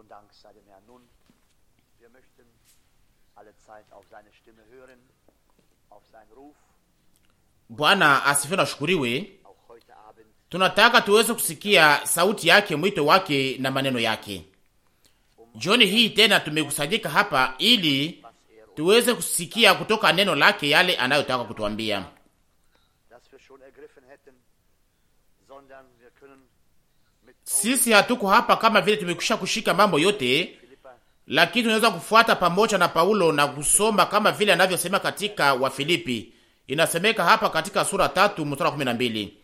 und Dank sei dem Herrn. Nun, wir möchten alle Zeit auf seine Stimme hören, auf seinen Ruf. Bwana asifiwe na shukuriwe. Tunataka tuweze kusikia sauti yake, mwito wake na maneno yake. Um Jioni hii tena tumekusanyika hapa ili er tuweze kusikia kutoka neno lake yale anayotaka kutuambia. Sisi hatuko hapa kama vile tumekwisha kushika mambo yote, lakini tunaweza kufuata pamoja na Paulo na kusoma kama vile anavyosema katika Wafilipi. Inasemeka hapa katika sura tatu mstari wa kumi na mbili.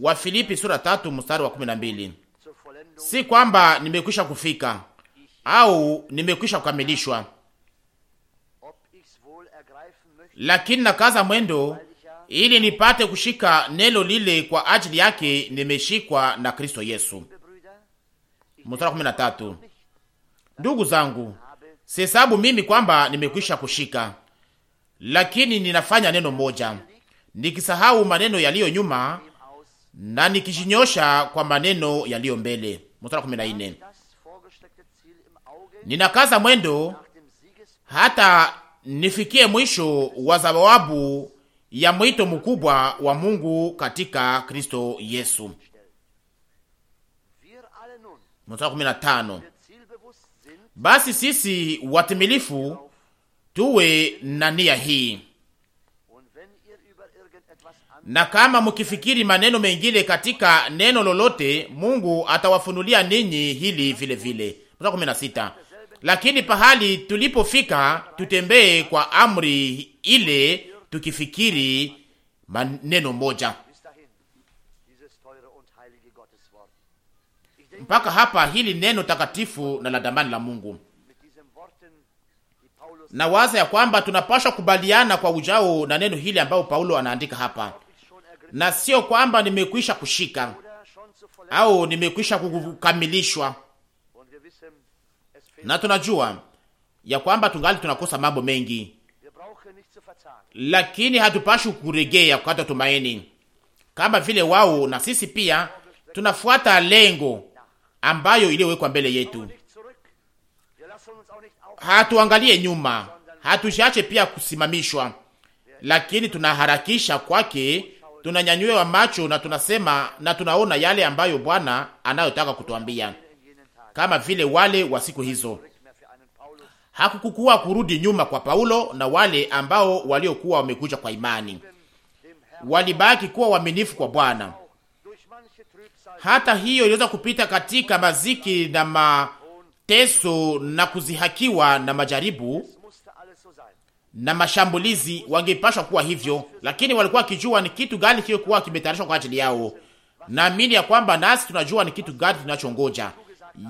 Wafilipi sura tatu mstari wa kumi na mbili. Si kwamba nimekwisha kufika au nimekwisha kukamilishwa, lakini nakaza mwendo ili nipate kushika neno lile kwa ajili yake nimeshikwa na Kristo Yesu. Mstari kumi na tatu. Ndugu zangu, sihesabu mimi kwamba nimekwisha kushika, lakini ninafanya neno moja, nikisahau maneno yaliyo nyuma na nikijinyosha kwa maneno yaliyo mbele. Mstari kumi na nne. Ninakaza mwendo hata nifikie mwisho wa zawabu ya mwito mkubwa wa Mungu katika Kristo Yesu. Mstari 15. Basi sisi watimilifu tuwe na nia hii, na kama mkifikiri maneno mengine katika neno lolote, Mungu atawafunulia ninyi hili vile vile. Mstari 16. Lakini pahali tulipofika tutembee kwa amri ile tukifikiri maneno moja. Mpaka hapa hili neno takatifu na la damani la Mungu, na waza ya kwamba tunapashwa kubaliana kwa ujao na neno hili ambayo Paulo anaandika hapa, na sio kwamba nimekwisha kushika au nimekwisha kukamilishwa, na tunajua ya kwamba tungali tunakosa mambo mengi lakini hatupashi kuregea kukata tumaini, kama vile wao na sisi pia tunafuata lengo ambayo iliyowekwa mbele yetu. Hatuangalie nyuma, hatushache pia kusimamishwa, lakini tunaharakisha kwake, tunanyanyua macho na tunasema na tunaona yale ambayo Bwana anayotaka kutuambia, kama vile wale wa siku hizo hakukukuwa kurudi nyuma kwa Paulo na wale ambao waliokuwa wamekuja kwa imani, walibaki kuwa waaminifu kwa Bwana. Hata hiyo iliweza kupita katika maziki na mateso na kuzihakiwa na majaribu na mashambulizi, wangepashwa kuwa hivyo, lakini walikuwa wakijua ni kitu gani kilikuwa kimetayarishwa kwa ajili yao. Naamini ya kwamba nasi tunajua ni kitu gani tunachongoja,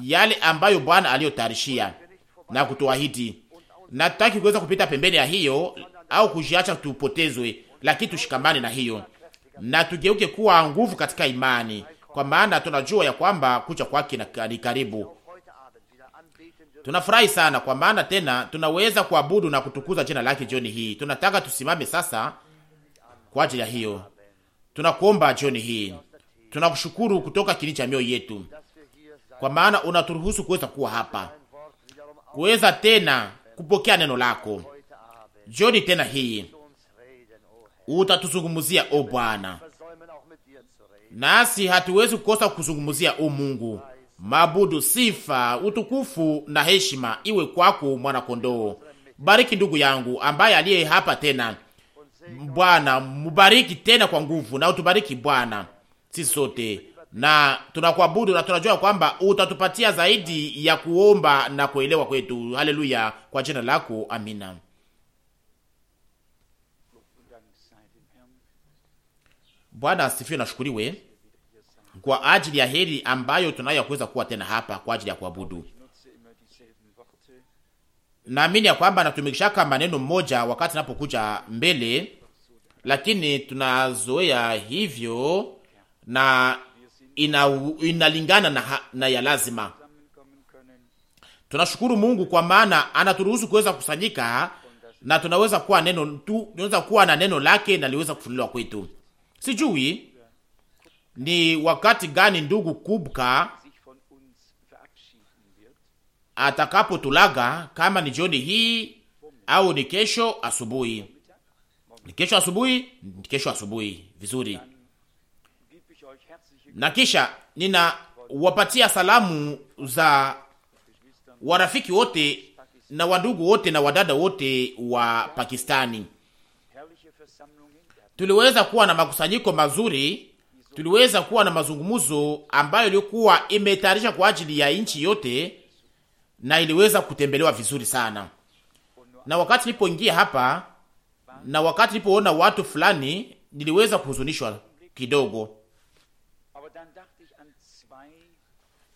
yale ambayo Bwana aliyotayarishia na kutuahidi. Nataki kuweza kupita pembeni ya hiyo au kujiacha tupotezwe, lakini tushikamane na hiyo na tugeuke kuwa nguvu katika imani, kwa maana tunajua ya kwamba kucha kwake ni karibu. Tunafurahi sana kwa maana tena tunaweza kuabudu na kutukuza jina lake jioni hii. Tunataka tusimame sasa kwa ajili ya hiyo. Tunakuomba jioni hii, tunakushukuru kutoka kilindi cha mioyo yetu, kwa maana unaturuhusu kuweza kuwa hapa kuweza tena kupokea neno lako. Jioni tena hii utatuzungumzia, o Bwana, nasi hatuwezi kukosa kuzungumzia o Mungu. Mabudu, sifa, utukufu na heshima iwe kwako, mwanakondoo. Bariki ndugu yangu ambaye aliye hapa tena, Bwana, mubariki tena kwa nguvu, na utubariki Bwana sisi sote na tunakuabudu na tunajua kwamba utatupatia zaidi ya kuomba na kuelewa kwetu. Haleluya, kwa jina lako, amina. Bwana asifiwe nashukuriwe kwa ajili ya heri ambayo tunayo ya kuweza kuwa tena hapa kwa ajili ya kuabudu. Naamini ya kwamba natumikishaka maneno mmoja wakati napokuja mbele, lakini tunazoea hivyo na ina, inalingana na, na ya lazima. Tunashukuru Mungu kwa maana anaturuhusu kuweza kusanyika na tunaweza kuwa neno tu, tunaweza kuwa na neno lake na liweza kufunuliwa kwetu. Sijui ni wakati gani ndugu Kubka atakapotulaga, kama ni jioni hii au ni kesho asubuhi. Ni kesho asubuhi, ni kesho asubuhi. Vizuri na kisha ninawapatia salamu za warafiki wote na wandugu wote na wadada wote wa Pakistani. Tuliweza kuwa na makusanyiko mazuri, tuliweza kuwa na mazungumzo ambayo ilikuwa imetayarisha kwa ajili ya nchi yote na iliweza kutembelewa vizuri sana. Na wakati nilipoingia hapa na wakati nilipoona watu fulani, niliweza kuhuzunishwa kidogo,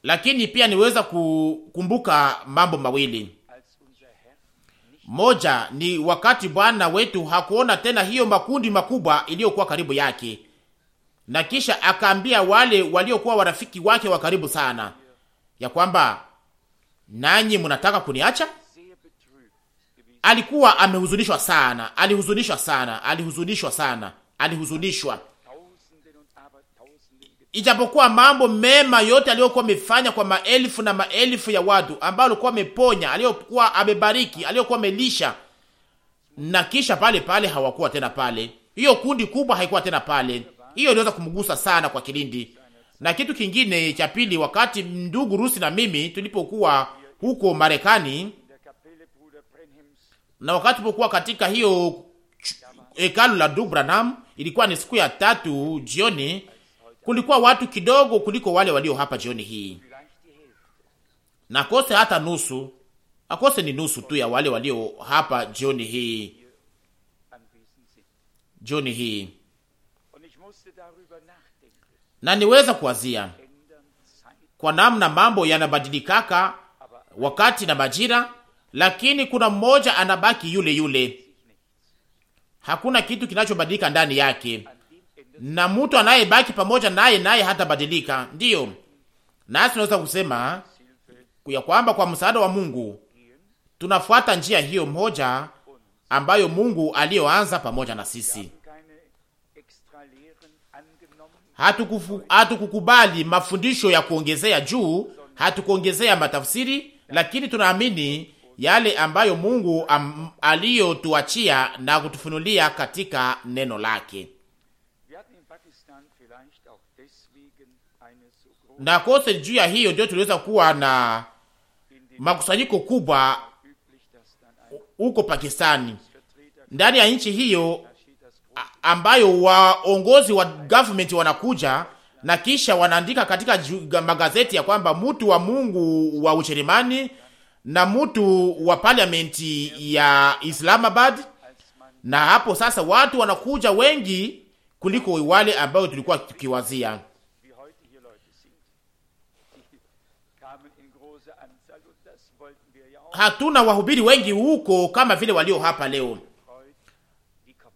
lakini pia niweza kukumbuka mambo mawili. Moja ni wakati Bwana wetu hakuona tena hiyo makundi makubwa iliyokuwa karibu yake, na kisha akaambia wale waliokuwa warafiki wake wa karibu sana ya kwamba nanyi mnataka kuniacha. Alikuwa amehuzunishwa sana, alihuzunishwa sana, alihuzunishwa sana, alihuzunishwa ijapokuwa mambo mema yote aliyokuwa amefanya kwa maelfu na maelfu ya watu ambao alikuwa ameponya, aliyokuwa amebariki, aliyokuwa amelisha, na kisha pale pale hawakuwa tena pale. Hiyo kundi kubwa haikuwa tena pale. Hiyo iliweza kumgusa sana kwa kilindi. Na kitu kingine cha pili, wakati ndugu Rusi na mimi tulipokuwa huko Marekani na wakati tulipokuwa katika hiyo hekalu la Dubranam, ilikuwa ni siku ya tatu jioni kulikuwa watu kidogo kuliko wale walio hapa jioni hii, na kose hata nusu akose ni nusu tu ya wale walio hapa jioni hii, jioni hii, na niweza kuwazia kwa namna mambo yanabadilikaka wakati na majira, lakini kuna mmoja anabaki yule yule, hakuna kitu kinachobadilika ndani yake na mtu anayebaki pamoja naye naye hatabadilika. Ndiyo, nasi tunaweza kusema ya kwamba kwa msaada wa Mungu tunafuata njia hiyo moja ambayo Mungu aliyoanza pamoja na sisi. Hatukukubali hatu mafundisho ya kuongezea juu, hatukuongezea matafsiri, lakini tunaamini yale ambayo Mungu aliyotuachia na kutufunulia katika neno lake. na kose juu ya hiyo ndio tuliweza kuwa na makusanyiko kubwa huko Pakistani, ndani ya nchi hiyo ambayo waongozi wa government wanakuja na kisha wanaandika katika magazeti ya kwamba mtu wa Mungu wa Ujerumani na mtu wa parliamenti ya Islamabad, na hapo sasa watu wanakuja wengi kuliko wale ambao tulikuwa tukiwazia. hatuna wahubiri wengi huko kama vile walio hapa leo,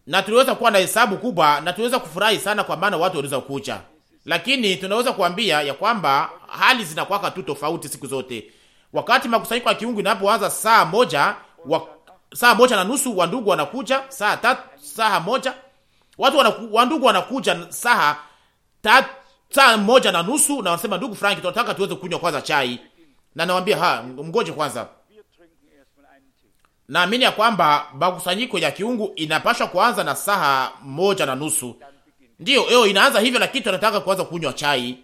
na tuliweza kuwa na hesabu kubwa na tuliweza kufurahi sana, kwa maana watu waliweza kuja, lakini tunaweza kuambia ya kwamba hali zinakuwa tu tofauti siku zote. Wakati makusanyiko ya kiungu inapoanza saa moja wa, saa moja na nusu wandugu wanakuja saa tatu, saa moja watu wanaku, wandugu wanakuja saa tatu, saa moja na nusu na wanasema, ndugu Frank, tunataka tuweze kunywa kwanza chai, na nawaambia ha, mgoje kwanza Naamini ya kwamba makusanyiko ya kiungu inapashwa kuanza na saha moja na nusu. Ndiyo, eo inaanza hivyo, lakini tunataka kuanza kunywa chai,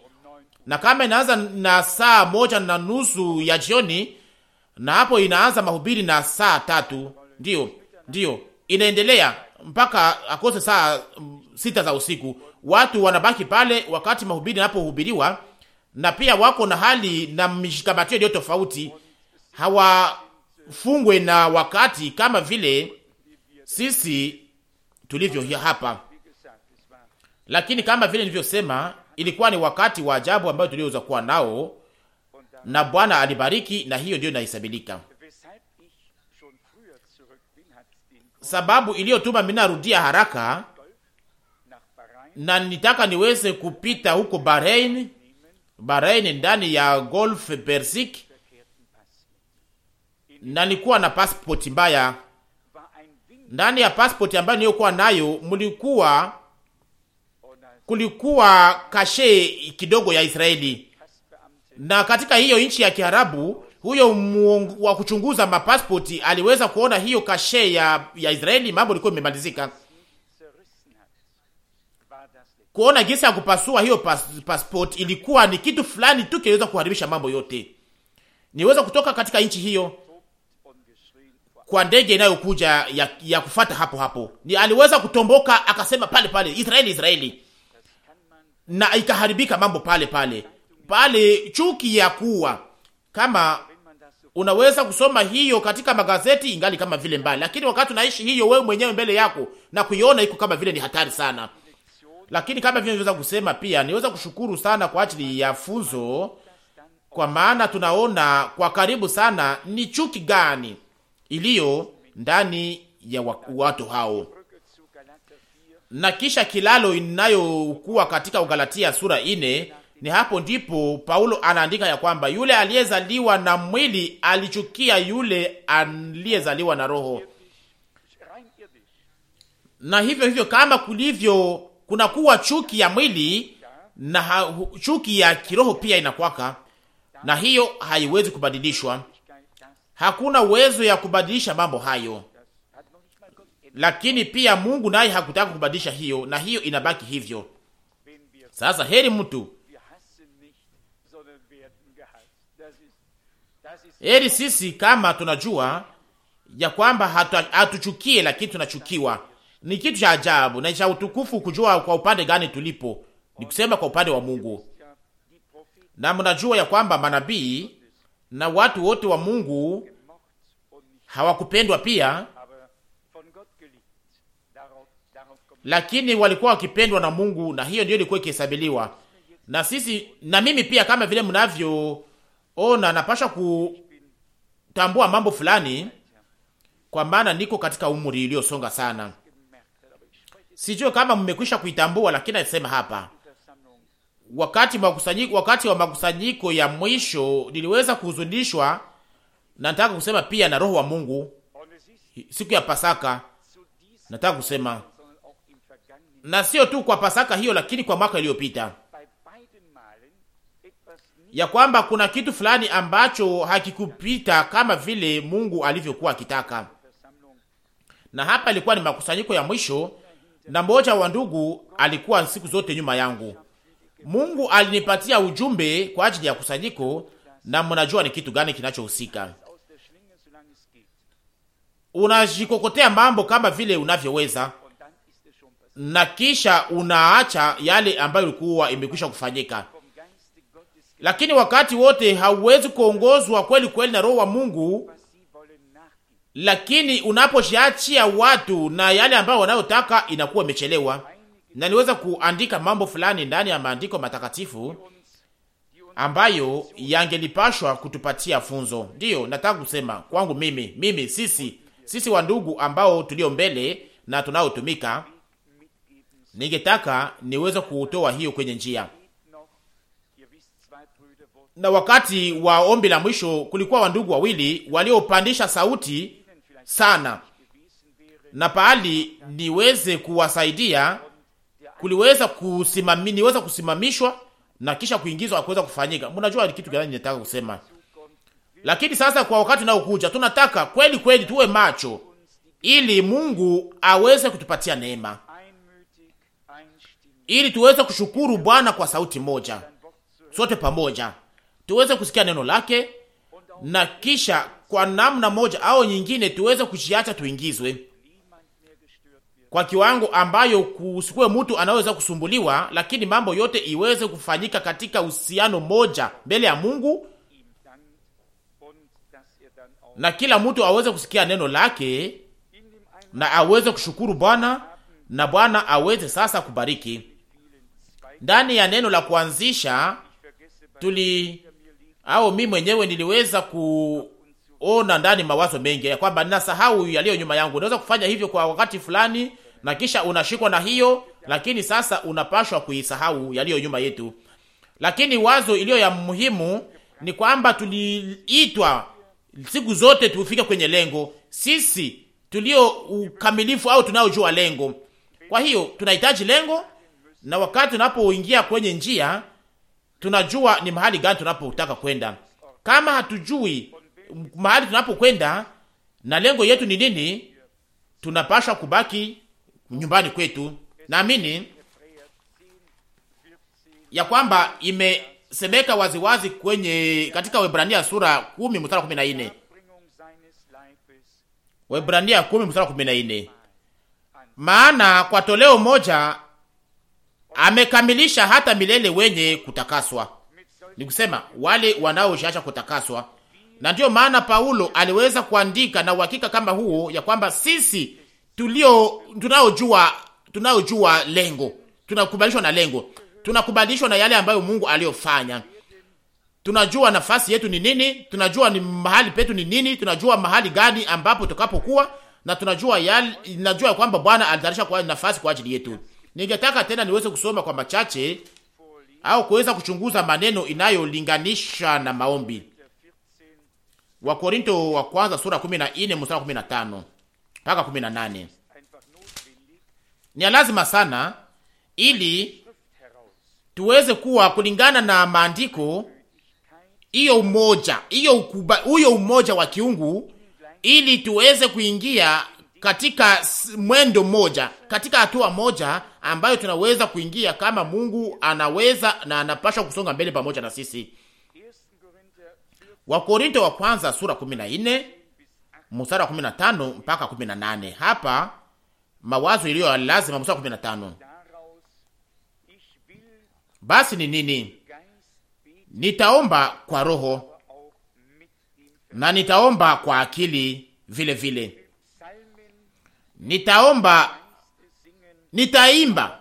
na kama inaanza na saa moja na nusu ya jioni, na hapo inaanza mahubiri na saa tatu. Ndiyo, ndiyo, inaendelea mpaka akose saa mm, sita za usiku. Watu wanabaki pale wakati mahubiri yanapohubiriwa, na pia wako na hali na mishikamatio iliyo tofauti hawa fungwe na wakati kama vile sisi tulivyo hapa, lakini kama vile nilivyosema, ilikuwa ni wakati wa ajabu ambayo tulioweza kuwa nao, na Bwana alibariki, na hiyo ndio inahesabilika sababu iliyotuma minarudia haraka na nitaka niweze kupita huko Bahrain, Bahrain ndani ya Golf Persik na nilikuwa na pasipoti mbaya. Ndani ya pasipoti ambayo niliyokuwa nayo mlikuwa kulikuwa kashe kidogo ya Israeli, na katika hiyo nchi ya Kiarabu huyo wa kuchunguza mapasipoti aliweza kuona hiyo kashe ya, ya Israeli. Mambo ilikuwa imemalizika kuona jinsi ya kupasua hiyo pas, passport ilikuwa ni kitu fulani tu kiweza kuharibisha mambo yote. Niweza kutoka katika nchi hiyo kwa ndege inayokuja ya, ya kufata hapo hapo. Ni aliweza kutomboka akasema pale pale Israeli Israeli, na ikaharibika mambo pale pale pale. Chuki ya kuwa kama unaweza kusoma hiyo katika magazeti, ingali kama vile mbali, lakini wakati unaishi hiyo wewe mwenyewe mbele yako na kuiona iko kama vile ni hatari sana. Lakini kama vile niweza kusema pia, niweza kushukuru sana kwa ajili ya funzo, kwa maana tunaona kwa karibu sana ni chuki gani iliyo ndani ya watu hao, na kisha kilalo inayokuwa katika Ugalatia sura ine. Ni hapo ndipo Paulo anaandika ya kwamba yule aliyezaliwa na mwili alichukia yule aliyezaliwa na roho, na hivyo hivyo kama kulivyo kunakuwa chuki ya mwili na chuki ya kiroho pia inakwaka, na hiyo haiwezi kubadilishwa hakuna uwezo ya kubadilisha mambo hayo, lakini pia Mungu naye hakutaka kubadilisha hiyo, na hiyo inabaki hivyo. Sasa heri mtu, heri sisi kama tunajua ya kwamba hatu, hatuchukie lakini tunachukiwa. Ni kitu cha ajabu na cha utukufu kujua kwa upande gani tulipo, ni kusema kwa upande wa Mungu. Na mnajua ya kwamba manabii na watu wote wa Mungu hawakupendwa pia, lakini walikuwa wakipendwa na Mungu, na hiyo ndio ilikuwa ikihesabiliwa na sisi. Na mimi pia, kama vile mnavyoona, napasha kutambua mambo fulani, kwa maana niko katika umri iliyosonga sana. Sijui kama mmekwisha kuitambua, lakini nasema hapa wakati makusanyiko, wakati wa makusanyiko ya mwisho niliweza kuhuzunishwa, na nataka kusema pia na roho wa Mungu siku ya Pasaka. Nataka kusema na sio tu kwa Pasaka hiyo, lakini kwa mwaka iliyopita ya kwamba kuna kitu fulani ambacho hakikupita kama vile Mungu alivyokuwa akitaka. Na hapa ilikuwa ni makusanyiko ya mwisho, na mmoja wa ndugu alikuwa siku zote nyuma yangu, Mungu alinipatia ujumbe kwa ajili ya kusanyiko, na mnajua ni kitu gani kinachohusika. Unajikokotea mambo kama vile unavyoweza, na kisha unaacha yale ambayo ilikuwa imekwisha kufanyika. Lakini wakati wote hauwezi kuongozwa kweli kweli na Roho wa Mungu, lakini unaposhiachia watu na yale ambayo wanayotaka, inakuwa imechelewa na niweza kuandika mambo fulani ndani ya maandiko matakatifu ambayo yangelipashwa kutupatia funzo. Ndiyo nataka kusema kwangu mimi, mimi sisi sisi wandugu ambao tulio mbele na tunaotumika, ningetaka niweze kutoa hiyo kwenye njia. Na wakati wa ombi la mwisho kulikuwa wandugu wawili waliopandisha sauti sana, na pahali niweze kuwasaidia kuliweza kusimami, niweza kusimamishwa na kisha kuingizwa kuweza kufanyika. Mnajua ni kitu gani ninataka kusema, lakini sasa kwa wakati unaokuja tunataka kweli kweli tuwe macho ili Mungu aweze kutupatia neema ili tuweze kushukuru Bwana kwa sauti moja, sote pamoja tuweze kusikia neno lake, na kisha kwa namna moja au nyingine tuweze kujiacha tuingizwe kwa kiwango ambayo kusikuwe mtu anaweza kusumbuliwa, lakini mambo yote iweze kufanyika katika uhusiano moja mbele ya Mungu, na kila mtu aweze kusikia neno lake na aweze kushukuru Bwana na Bwana aweze sasa kubariki. Ndani ya neno la kuanzisha tuli au mi mwenyewe niliweza ku ona ndani mawazo mengi ya kwamba ninasahau yaliyo nyuma yangu. Unaweza kufanya hivyo kwa wakati fulani, na kisha unashikwa na hiyo, lakini sasa unapashwa kuisahau yaliyo nyuma yetu. Lakini wazo iliyo ya muhimu ni kwamba tuliitwa siku zote tufike kwenye lengo, sisi tulio ukamilifu au tunaojua lengo. Kwa hiyo tunahitaji lengo, na wakati tunapoingia kwenye njia tunajua ni mahali gani tunapotaka kwenda. Kama hatujui mahali tunapokwenda na lengo yetu ni nini, tunapasha kubaki nyumbani kwetu. Naamini ya kwamba imesemeka waziwazi kwenye katika Waebrania sura 10 mstari kumi Waebrania 10 mstari kumi maana kwa toleo moja amekamilisha hata milele wenye kutakaswa, ni kusema wale wanaoshasha kutakaswa na ndiyo maana Paulo aliweza kuandika na uhakika kama huo ya kwamba sisi tulio tunaojua tunayojua lengo tunakubalishwa na lengo, tunakubalishwa na yale ambayo Mungu aliyofanya. Tunajua nafasi yetu ni nini, tunajua ni mahali petu ni nini, tunajua mahali gani ambapo tukapokuwa, na tunajua yale, najua kwamba Bwana alitarisha kwa nafasi kwa ajili yetu. Ningetaka tena niweze kusoma kwa machache au kuweza kuchunguza maneno inayolinganisha na maombi Wakorinto wa kwanza sura 14 mstari 15 mpaka 18. Ni lazima sana ili tuweze kuwa kulingana na maandiko hiyo umoja hiyo huyo umoja wa kiungu, ili tuweze kuingia katika mwendo moja katika hatua moja ambayo tunaweza kuingia kama Mungu anaweza na anapasha kusonga mbele pamoja na sisi. Wakorinto wa kwanza sura 14 mstari wa 15 mpaka 18. Hapa mawazo iliyo lazima, mstari wa 15, basi ni nini? Nitaomba kwa roho na nitaomba kwa akili vile vile, nitaomba nitaimba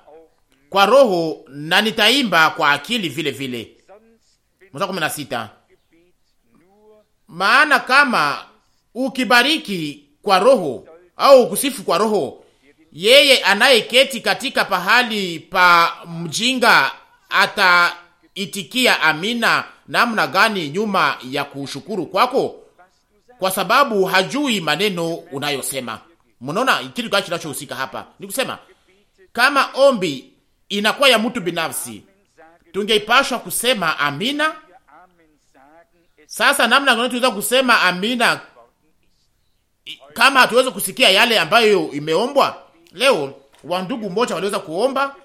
kwa roho na nitaimba kwa akili vile vile. Mstari wa 16 maana kama ukibariki kwa roho au ukusifu kwa roho, yeye anayeketi katika pahali pa mjinga ataitikia amina namna gani nyuma ya kushukuru kwako? Kwa sababu hajui maneno unayosema. Mnaona kitu gani kinachohusika hapa? Ni kusema kama ombi inakuwa ya mtu binafsi, tungeipashwa kusema amina sasa namna gani tunaweza kusema amina kama hatuwezi kusikia yale ambayo imeombwa? Leo wandugu mmoja waliweza kuomba,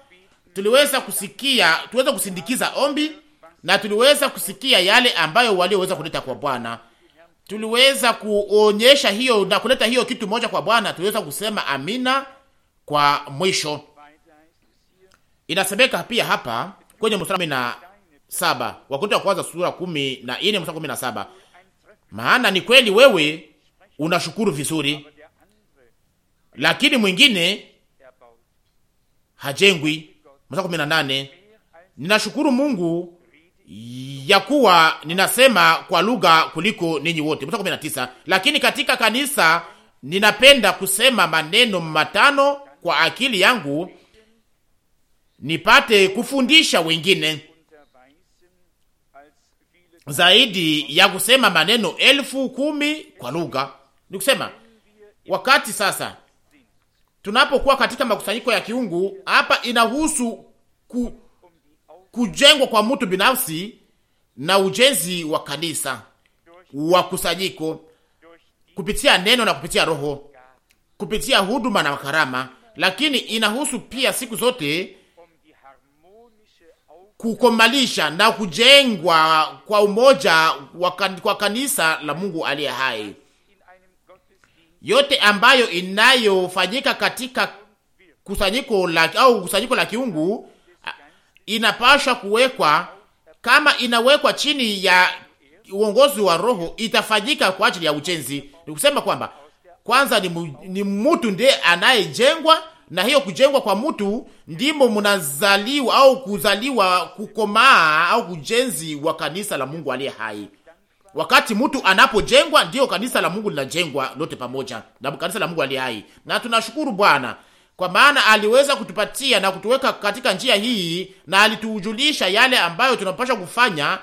tuliweza kusikia, tuweza kusindikiza ombi na tuliweza kusikia yale ambayo walioweza kuleta kwa Bwana. Tuliweza kuonyesha hiyo na kuleta hiyo kitu moja kwa Bwana, tuliweza kusema amina kwa mwisho. Inasemeka pia hapa kwenye mstari na saba Wakorintho wa kwanza sura kumi na ine mstari kumi na saba Maana ni kweli wewe unashukuru vizuri, lakini mwingine hajengwi. Mstari kumi na nane ninashukuru Mungu ya kuwa ninasema kwa lugha kuliko ninyi wote. Mstari kumi na tisa lakini katika kanisa ninapenda kusema maneno matano kwa akili yangu nipate kufundisha wengine zaidi ya kusema maneno elfu kumi kwa lugha. Ni kusema wakati sasa tunapokuwa katika makusanyiko ya kiungu hapa, inahusu ku, kujengwa kwa mtu binafsi na ujenzi wa kanisa wa kusanyiko kupitia neno na kupitia Roho, kupitia huduma na makarama, lakini inahusu pia siku zote kukomalisha na kujengwa kwa umoja kwa kanisa la Mungu aliye hai. Yote ambayo inayofanyika katika kusanyiko la au kusanyiko la kiungu inapashwa kuwekwa, kama inawekwa chini ya uongozi wa Roho, itafanyika kwa ajili ya ujenzi. Ni kusema kwamba kwanza ni, mu, ni mutu ndiye anayejengwa na hiyo kujengwa kwa mtu ndimo mnazaliwa au kuzaliwa kukomaa au kujenzi wa kanisa la Mungu aliye hai. Wakati mtu anapojengwa, ndiyo kanisa la Mungu linajengwa lote pamoja na kanisa la Mungu aliye hai, na tunashukuru Bwana kwa maana aliweza kutupatia na kutuweka katika njia hii, na alituujulisha yale ambayo tunapasha kufanya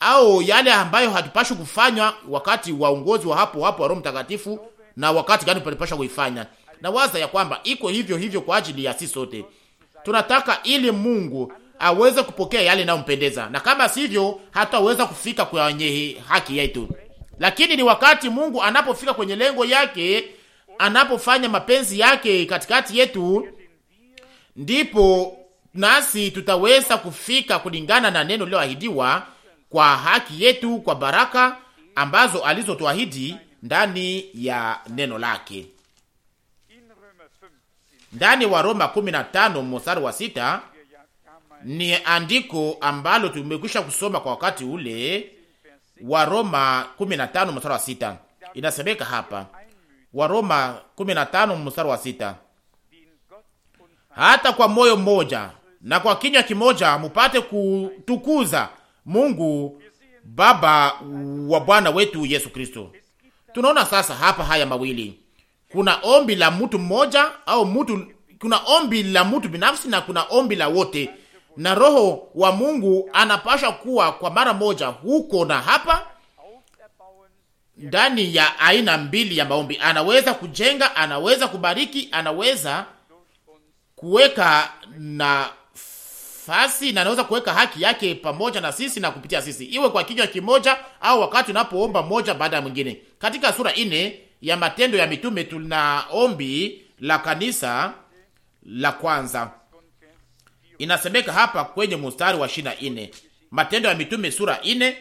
au yale ambayo hatupashi kufanywa wakati wa uongozi wa hapo hapo wa Roho Mtakatifu, na wakati gani tunapasha kuifanya na waza ya kwamba iko hivyo hivyo kwa ajili ya sisi sote. Tunataka ili Mungu aweze kupokea yale nayompendeza, na kama sivyo hataweza kufika kwenye haki yetu. Lakini ni wakati Mungu anapofika kwenye lengo yake, anapofanya mapenzi yake katikati yetu, ndipo nasi tutaweza kufika kulingana na neno lililoahidiwa kwa haki yetu, kwa baraka ambazo alizotuahidi ndani ya neno lake ndani wa Roma 15 mstari wa sita ni andiko ambalo tumekwisha kusoma kwa wakati ule wa Roma 15 mstari wa sita. Inasemeka hapa wa Roma 15 mstari wa sita, hata kwa moyo mmoja na kwa kinywa kimoja mupate kutukuza Mungu Baba wa Bwana wetu Yesu Kristo. Tunaona sasa hapa haya mawili kuna ombi la mtu mmoja au mtu, kuna ombi la mtu binafsi na kuna ombi la wote, na roho wa Mungu anapasha kuwa kwa mara moja huko na hapa ndani ya aina mbili ya maombi. Anaweza kujenga, anaweza kubariki, anaweza kuweka nafasi na anaweza kuweka haki yake pamoja na sisi na kupitia sisi, iwe kwa kinywa kimoja au wakati unapoomba moja baada ya mwingine. Katika sura ine ya Matendo ya Mitume tuna ombi la kanisa la kwanza, inasemeka hapa kwenye mstari wa ishirini ine Matendo ya Mitume sura ine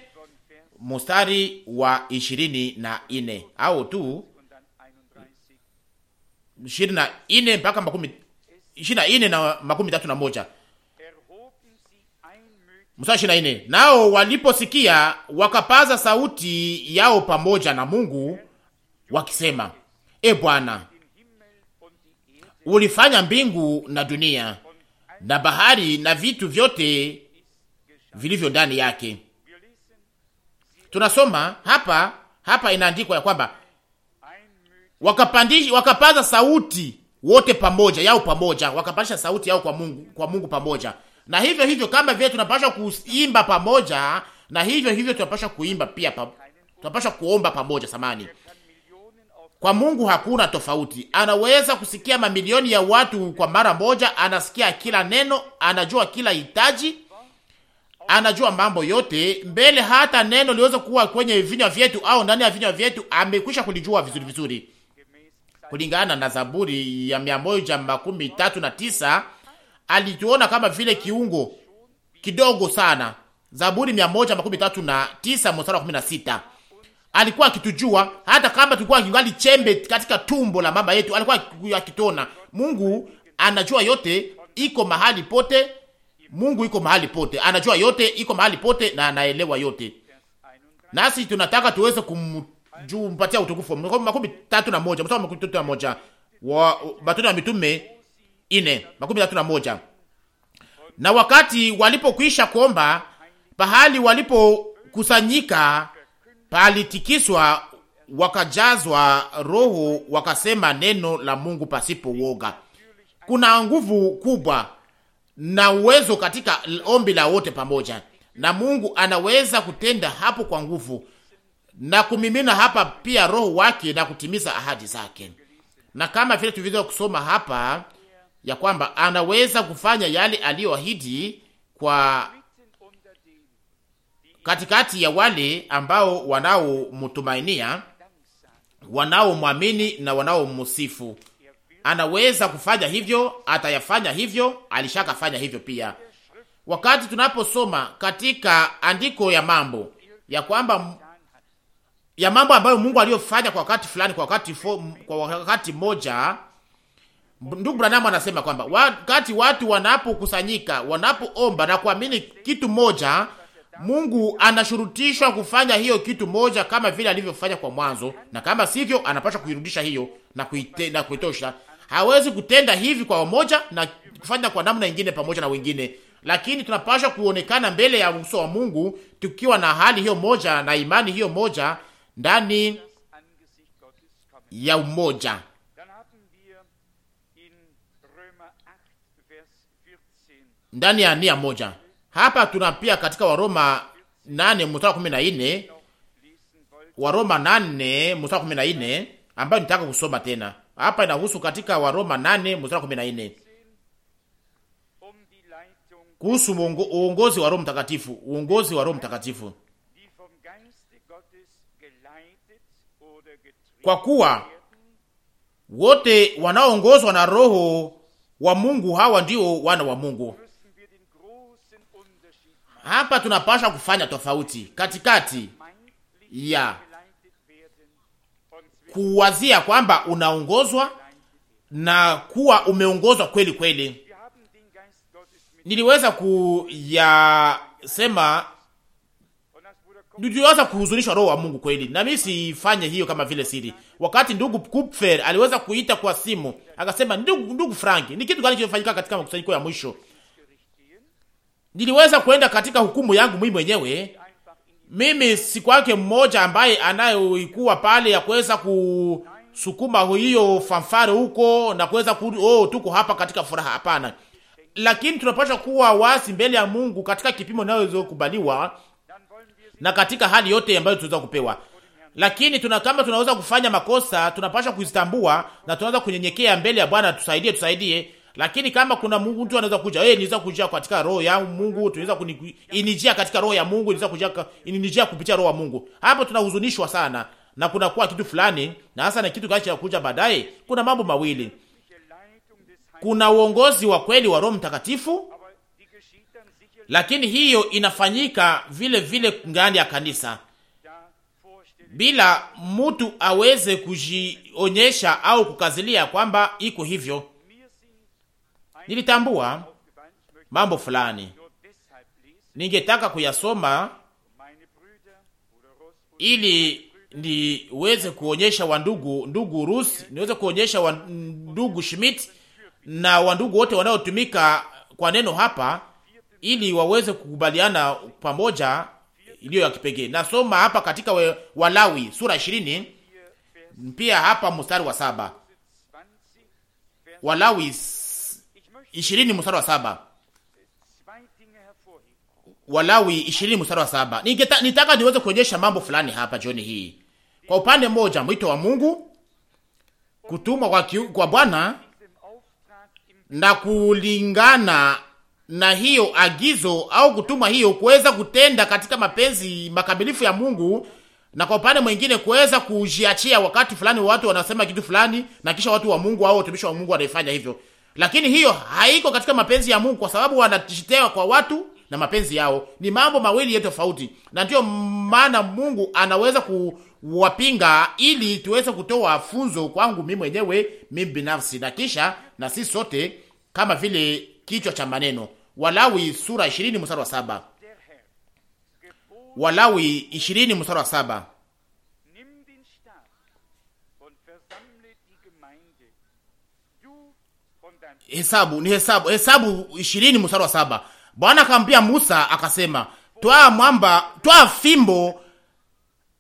mstari wa ishirini na ine au tu ishirini ine mpaka makumi ishirini na ine na makumi tatu na moja mstari ishirini ine nao waliposikia wakapaza sauti yao pamoja na Mungu wakisema, E Bwana, ulifanya mbingu na dunia na bahari na vitu vyote vilivyo ndani yake. Tunasoma hapa hapa, inaandikwa ya kwamba wakapandisha wakapaza sauti wote pamoja yao pamoja, wakapandisha sauti yao kwa Mungu, kwa Mungu pamoja. Na hivyo hivyo kama vile tunapashwa kuimba pamoja, na hivyo hivyo tunapasha kuimba pia pa, tunapasha kuomba pamoja samani, kwa Mungu hakuna tofauti. Anaweza kusikia mamilioni ya watu kwa mara moja, anasikia kila neno, anajua kila hitaji, anajua mambo yote mbele, hata neno liweza kuwa kwenye vinywa vyetu au ndani ya vinywa vyetu, amekwisha kulijua vizuri vizuri, kulingana na Zaburi ya mia moja makumi tatu na tisa alituona kama vile kiungo kidogo sana. Zaburi mia moja makumi tatu na tisa mstari wa kumi na sita alikuwa akitujua hata kama tulikuwa kingali chembe katika tumbo la mama yetu, alikuwa akitona. Mungu anajua yote, iko mahali pote. Mungu iko mahali pote, anajua yote, iko mahali pote na anaelewa yote, nasi tunataka tuweze kumjumpatia utukufu. makumi tatu na moja mstari makumi tatu na moja wa Matendo ya Mitume ine makumi tatu na moja na wakati walipokwisha kuomba, pahali walipokusanyika palitikiswa, wakajazwa Roho, wakasema neno la Mungu pasipo woga. Kuna nguvu kubwa na uwezo katika ombi la wote pamoja, na Mungu anaweza kutenda hapo kwa nguvu na kumimina hapa pia roho wake na kutimiza ahadi zake, na kama vile tulivyoweza kusoma hapa ya kwamba anaweza kufanya yale aliyoahidi kwa katikati ya wale ambao wanaomtumainia, wanaomwamini na wanaomsifu. Anaweza kufanya hivyo, atayafanya hivyo, alishakafanya hivyo pia. Wakati tunaposoma katika andiko ya mambo ya kwamba ya mambo ambayo Mungu aliyofanya kwa wakati fulani, kwa wakati fo, kwa wakati moja, ndugu Branham anasema kwamba wakati watu wanapokusanyika, wanapoomba na kuamini kitu moja Mungu anashurutishwa kufanya hiyo kitu moja kama vile alivyofanya kwa mwanzo, na kama sivyo anapaswa kuirudisha hiyo na kuitenda kuitosha. Hawezi kutenda hivi kwa wamoja na kufanya kwa namna nyingine pamoja na wengine, lakini tunapaswa kuonekana mbele ya uso wa Mungu tukiwa na hali hiyo moja na imani hiyo moja ndani ya umoja. Ndani ya nia moja hapa tuna pia katika Waroma nane mstari kumi na Waroma nane mstari kumi na ambayo nitaka kusoma tena hapa, inahusu katika Waroma nane mstari kumi na kuhusu uongozi wa Roho Mtakatifu, uongozi wa Roho Mtakatifu. Kwa kuwa wote wanaoongozwa na Roho wa Mungu hawa ndio wana wa Mungu. Hapa tunapasha kufanya tofauti katikati ya kuwazia kwamba unaongozwa na kuwa umeongozwa kweli kweli. Niliweza kuyasema, niliweza kuhuzunishwa roho wa Mungu kweli, na mimi siifanye hiyo kama vile siri. Wakati ndugu Kupfer aliweza kuita kwa simu akasema, ndugu ndugu Frank, ni kitu gani kilifanyika katika makusanyiko ya mwisho? niliweza kwenda katika hukumu yangu mimi mwenyewe. Mimi si kwake mmoja ambaye anayoikuwa pale ya kuweza kusukuma hiyo fanfare huko na kuweza ku, oh, tuko hapa katika furaha. Hapana, lakini tunapaswa kuwa wazi mbele ya Mungu katika kipimo inayozokubaliwa na katika hali yote ambayo tunaweza kupewa. Lakini tuna kama tunaweza kufanya makosa, tunapaswa kuzitambua na tunaweza kunyenyekea mbele ya Bwana. Tusaidie, tusaidie lakini kama kuna Mungu mtu anaweza kuja, eh, niweza kuja katika roho ya Mungu, tunaweza kunijia katika roho ya Mungu, niweza kuja ininijia kupitia roho ya Mungu. Hapo tunahuzunishwa sana na kuna kuwa kitu fulani na hasa na kitu kacha kuja baadaye. Kuna mambo mawili. Kuna uongozi wa kweli wa Roho Mtakatifu, lakini hiyo inafanyika vile vile ndani ya kanisa bila mtu aweze kujionyesha au kukazilia kwamba iko hivyo Nilitambua mambo fulani, ningetaka kuyasoma ili niweze kuonyesha wandugu ndugu Rusi, niweze kuonyesha wandugu Schmidt na wandugu wote wanaotumika kwa neno hapa, ili waweze kukubaliana pamoja iliyo ya kipekee. Nasoma hapa katika we, Walawi sura ishirini pia hapa mstari wa saba Walawi ishirini mstari wa saba Walawi ishirini mstari wa saba Ningeta, nitaka niweze kuonyesha mambo fulani hapa jioni hii. Kwa upande mmoja mwito wa Mungu kutumwa kwa, kwa Bwana na kulingana na hiyo agizo au kutumwa hiyo kuweza kutenda katika mapenzi makamilifu ya Mungu, na kwa upande mwingine kuweza kujiachia wakati fulani, watu wanasema kitu fulani na kisha watu wa Mungu au watumishi wa Mungu wanaifanya hivyo lakini hiyo haiko katika mapenzi ya Mungu, kwa sababu wanajitewa kwa watu na mapenzi yao. Ni mambo mawili yetu tofauti, na ndiyo maana Mungu anaweza kuwapinga ili tuweze kutoa funzo kwangu mimi mwenyewe, mimi binafsi, na kisha na sisi sote, kama vile kichwa cha maneno Walawi sura 20 mstari wa saba. Walawi 20 mstari wa saba. Hesabu ni Hesabu, Hesabu ishirini mstari wa saba. Bwana akamwambia Musa akasema, twaa mwamba, twaa fimbo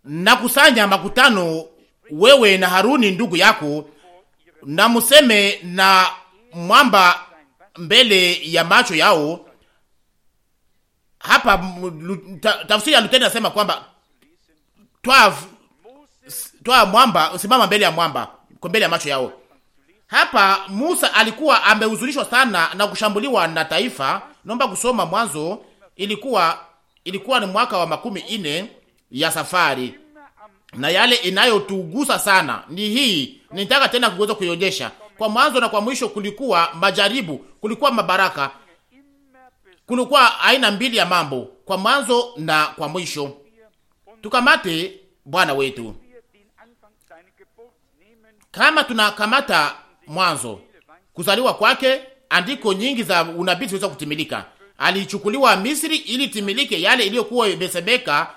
na kusanya makutano, wewe na Haruni ndugu yako, na museme na mwamba mbele ya macho yao. Hapa tafsiri ya Luteni nasema kwamba twa twaa mwamba, usimama mbele ya mwamba, mbele ya macho yao hapa Musa alikuwa amehuzunishwa sana na kushambuliwa na taifa. Naomba kusoma Mwanzo, ilikuwa ilikuwa ni mwaka wa makumi ine ya safari, na yale inayotugusa sana ni hii, nitaka tena kuweza kuionyesha kwa mwanzo na kwa mwisho. Kulikuwa majaribu, kulikuwa mabaraka, kulikuwa aina mbili ya mambo, kwa mwanzo na kwa mwisho. Tukamate Bwana wetu kama tunakamata mwanzo kuzaliwa kwake, andiko nyingi za unabii ziweza kutimilika. Alichukuliwa Misri ili timilike yale iliyokuwa imesemeka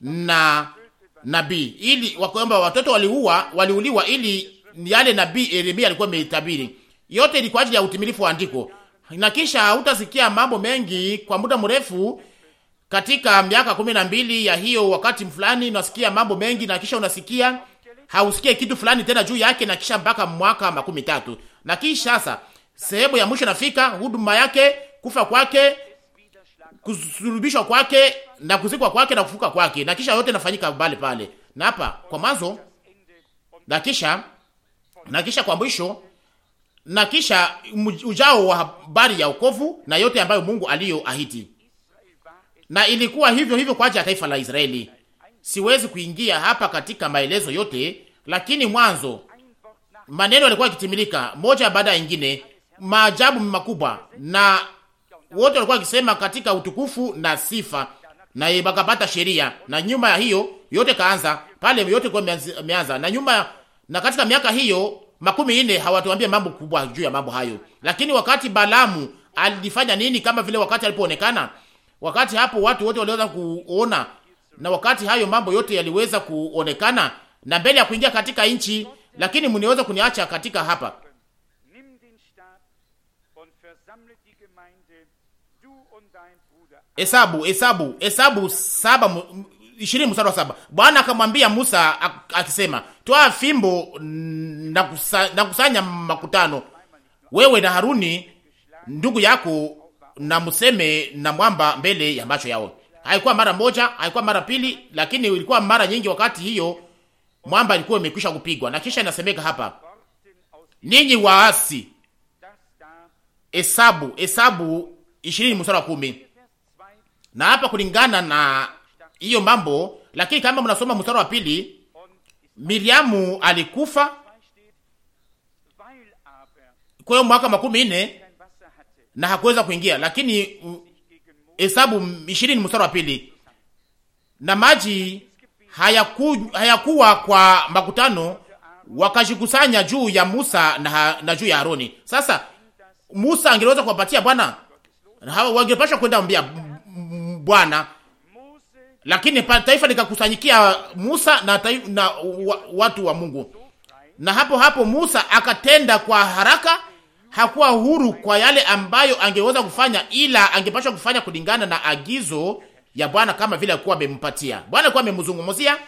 na nabii, ili wakwamba watoto waliua waliuliwa, ili yale nabii Yeremia alikuwa ameitabiri. Yote kwa ajili ya utimilifu wa andiko, na kisha hutasikia mambo mengi kwa muda mrefu katika miaka kumi na mbili ya hiyo wakati fulani unasikia mambo mengi, na kisha unasikia hausikie kitu fulani tena juu yake, na kisha mpaka mwaka makumi tatu na kisha sasa sehemu ya mwisho nafika, huduma yake, kufa kwake, kusulubishwa kwake na kuzikwa kwake na kufuka kwake, na kisha yote inafanyika pale pale na hapa kwa mwanzo, na kisha na kisha kwa mwisho, na kisha ujao wa habari ya wokovu na yote ambayo Mungu aliyoahidi, na ilikuwa hivyo hivyo kwa ajili ya taifa la Israeli siwezi kuingia hapa katika maelezo yote, lakini mwanzo maneno yalikuwa yakitimilika moja baada ya ingine, maajabu makubwa, na wote walikuwa wakisema katika utukufu na sifa, na wakapata sheria. Na nyuma ya hiyo yote kaanza pale, yote kwa imeanza na nyuma, na katika miaka hiyo makumi nne hawatuambia mambo kubwa juu ya mambo hayo. Lakini wakati Balamu alifanya nini? Kama vile wakati alipoonekana, wakati hapo watu wote waliweza kuona na wakati hayo mambo yote yaliweza kuonekana na mbele ya kuingia katika nchi, lakini mniweza kuniacha katika hapa Hesabu, Hesabu, Hesabu saba ishirini mstari wa saba. Bwana akamwambia Musa akisema, toa fimbo na, kusa, na kusanya makutano, wewe na Haruni ndugu yako, na museme na mwamba mbele ya macho yao. Haikuwa mara moja, haikuwa mara pili, lakini ilikuwa mara nyingi. Wakati hiyo mwamba ilikuwa imekwisha kupigwa, na kisha inasemeka hapa, ninyi waasi, Hesabu Hesabu ishirini mstari wa kumi. Na hapa kulingana na hiyo mambo, lakini kama mnasoma mstari wa pili, Miriamu alikufa kwa hiyo mwaka makumi nne na hakuweza kuingia, lakini Hesabu 20 mstari wa pili. Na maji hayaku, hayakuwa kwa makutano, wakajikusanya juu ya Musa na, na juu ya aroni Sasa Musa angeweza kuwapatia Bwana, wangepasha kwenda ambia Bwana, lakini taifa likakusanyikia Musa na, taif, na watu wa Mungu, na hapo hapo Musa akatenda kwa haraka hakuwa huru kwa yale ambayo angeweza kufanya, ila angepashwa kufanya kulingana na agizo ya Bwana kama vile alikuwa amempatia. Bwana alikuwa amemzungumzia,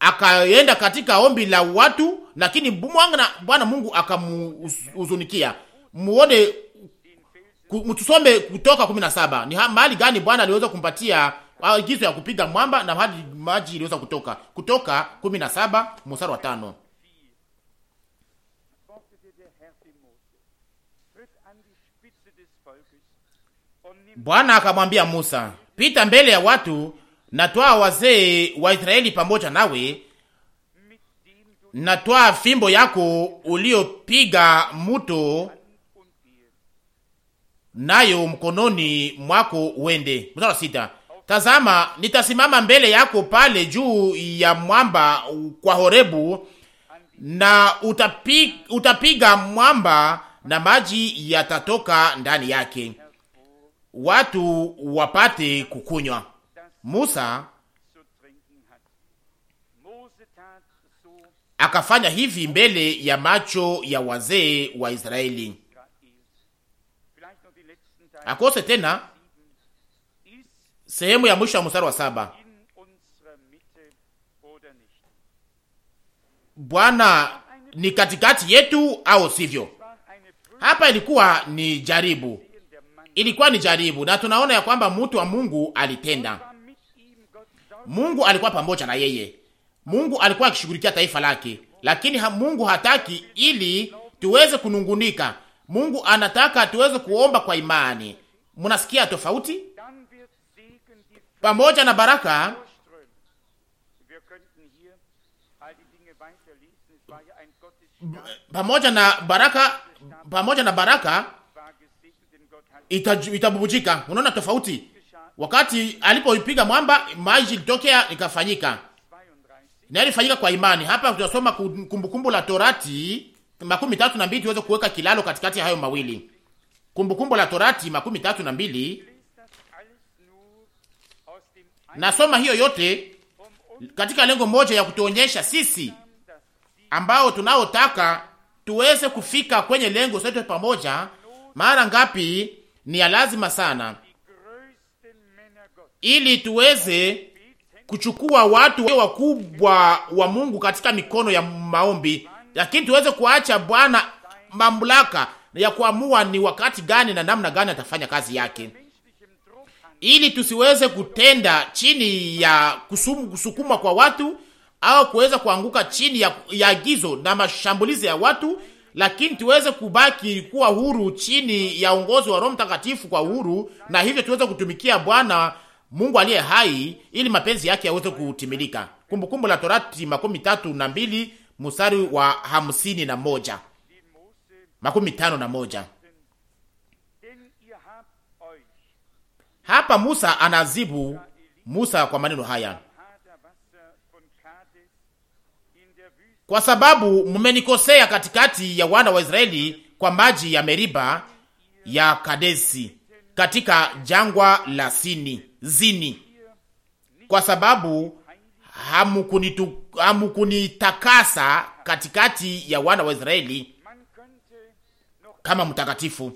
akaenda katika ombi la watu, lakini mwanga na Bwana Mungu akamuhuzunikia. Muone, mtusome Kutoka 17 ni mahali gani Bwana aliweza kumpatia agizo ya kupiga mwamba na hadi maji iliweza kutoka. Kutoka 17 mstari wa tano. Bwana akamwambia Musa, pita mbele ya watu na twaa wazee wa Israeli pamoja nawe, na twaa fimbo yako uliopiga muto nayo mkononi mwako uende. Mstari sita. Tazama, nitasimama mbele yako pale juu ya mwamba kwa Horebu, na utapi, utapiga mwamba na maji yatatoka ndani yake watu wapate kukunywa. Musa akafanya hivi mbele ya macho ya wazee wa Israeli. Akose tena sehemu ya mwisho ya mstari wa saba. Bwana ni katikati yetu au sivyo? Hapa ilikuwa ni jaribu ilikuwa ni jaribu, na tunaona ya kwamba mtu wa Mungu alitenda. Mungu alikuwa pamoja na yeye, Mungu alikuwa akishughulikia taifa lake, lakini ha Mungu hataki ili tuweze kunungunika. Mungu anataka tuweze kuomba kwa imani. Mnasikia tofauti? Pamoja na baraka pamoja na baraka, pamoja na baraka itabubujika. Unaona tofauti, wakati alipoipiga mwamba maji ilitokea ikafanyika, na ilifanyika kwa imani. Hapa tunasoma Kumbukumbu la Torati makumi tatu na mbili tuweze kuweka kilalo katikati ya hayo mawili. Kumbukumbu la Torati makumi tatu na mbili nasoma hiyo yote katika lengo moja ya kutuonyesha sisi ambao tunaotaka tuweze kufika kwenye lengo sote pamoja. Mara ngapi ni ya lazima sana, ili tuweze kuchukua watu wakubwa wa Mungu katika mikono ya maombi, lakini tuweze kuacha Bwana mamlaka ya kuamua ni wakati gani na namna gani atafanya kazi yake ili tusiweze kutenda chini ya kusumu, kusukuma kwa watu au kuweza kuanguka chini ya, ya agizo na mashambulizi ya watu, lakini tuweze kubaki kuwa huru chini ya uongozi wa Roho Mtakatifu kwa uhuru, na hivyo tuweze kutumikia Bwana Mungu aliye hai ili mapenzi yake yaweze kutimilika. Kumbukumbu la Torati makumi tatu na mbili mstari wa hamsini na moja makumi tano na moja. Hapa Musa anazibu Musa kwa maneno haya, kwa sababu mmenikosea katikati ya wana wa Israeli kwa maji ya Meriba ya Kadesi katika jangwa la Sini Zini, kwa sababu hamukunitakasa katikati ya wana wa Israeli kama mtakatifu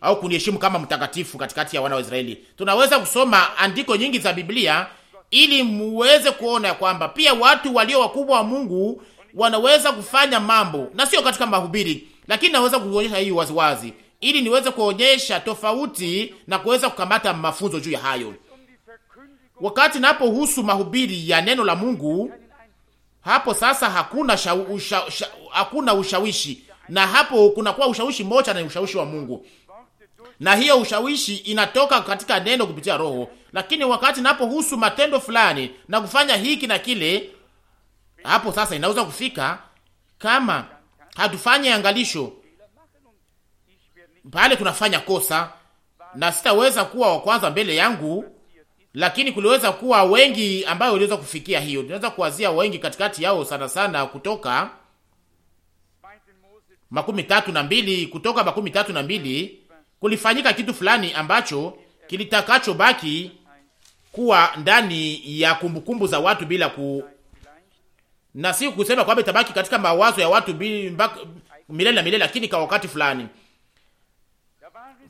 au kuniheshimu kama mtakatifu katikati ya wana wa Israeli. Tunaweza kusoma andiko nyingi za Biblia ili muweze kuona kwamba pia watu walio wakubwa wa Mungu wanaweza kufanya mambo, na sio katika mahubiri, lakini naweza kuonyesha hii waziwazi ili niweze kuonyesha tofauti na kuweza kukamata mafunzo juu ya hayo. Wakati napo husu mahubiri ya neno la Mungu, hapo sasa hakuna usha, usha, usha, hakuna ushawishi, na hapo kunakuwa ushawishi mmoja na ushawishi wa Mungu na hiyo ushawishi inatoka katika neno kupitia Roho. Lakini wakati napohusu matendo fulani na kufanya hiki na kile, hapo sasa inaweza kufika kama hatufanye angalisho pale tunafanya kosa, na sitaweza kuwa wa kwanza mbele yangu, lakini kuliweza kuwa wengi ambayo waliweza kufikia hiyo. Tunaweza kuwazia wengi katikati yao sana sana, kutoka makumi tatu na mbili kutoka makumi tatu na mbili kulifanyika kitu fulani ambacho kilitakacho baki kuwa ndani ya kumbukumbu za watu bila ku na si kusema kwamba itabaki katika mawazo ya watu mbaka milele na milele, lakini kwa wakati fulani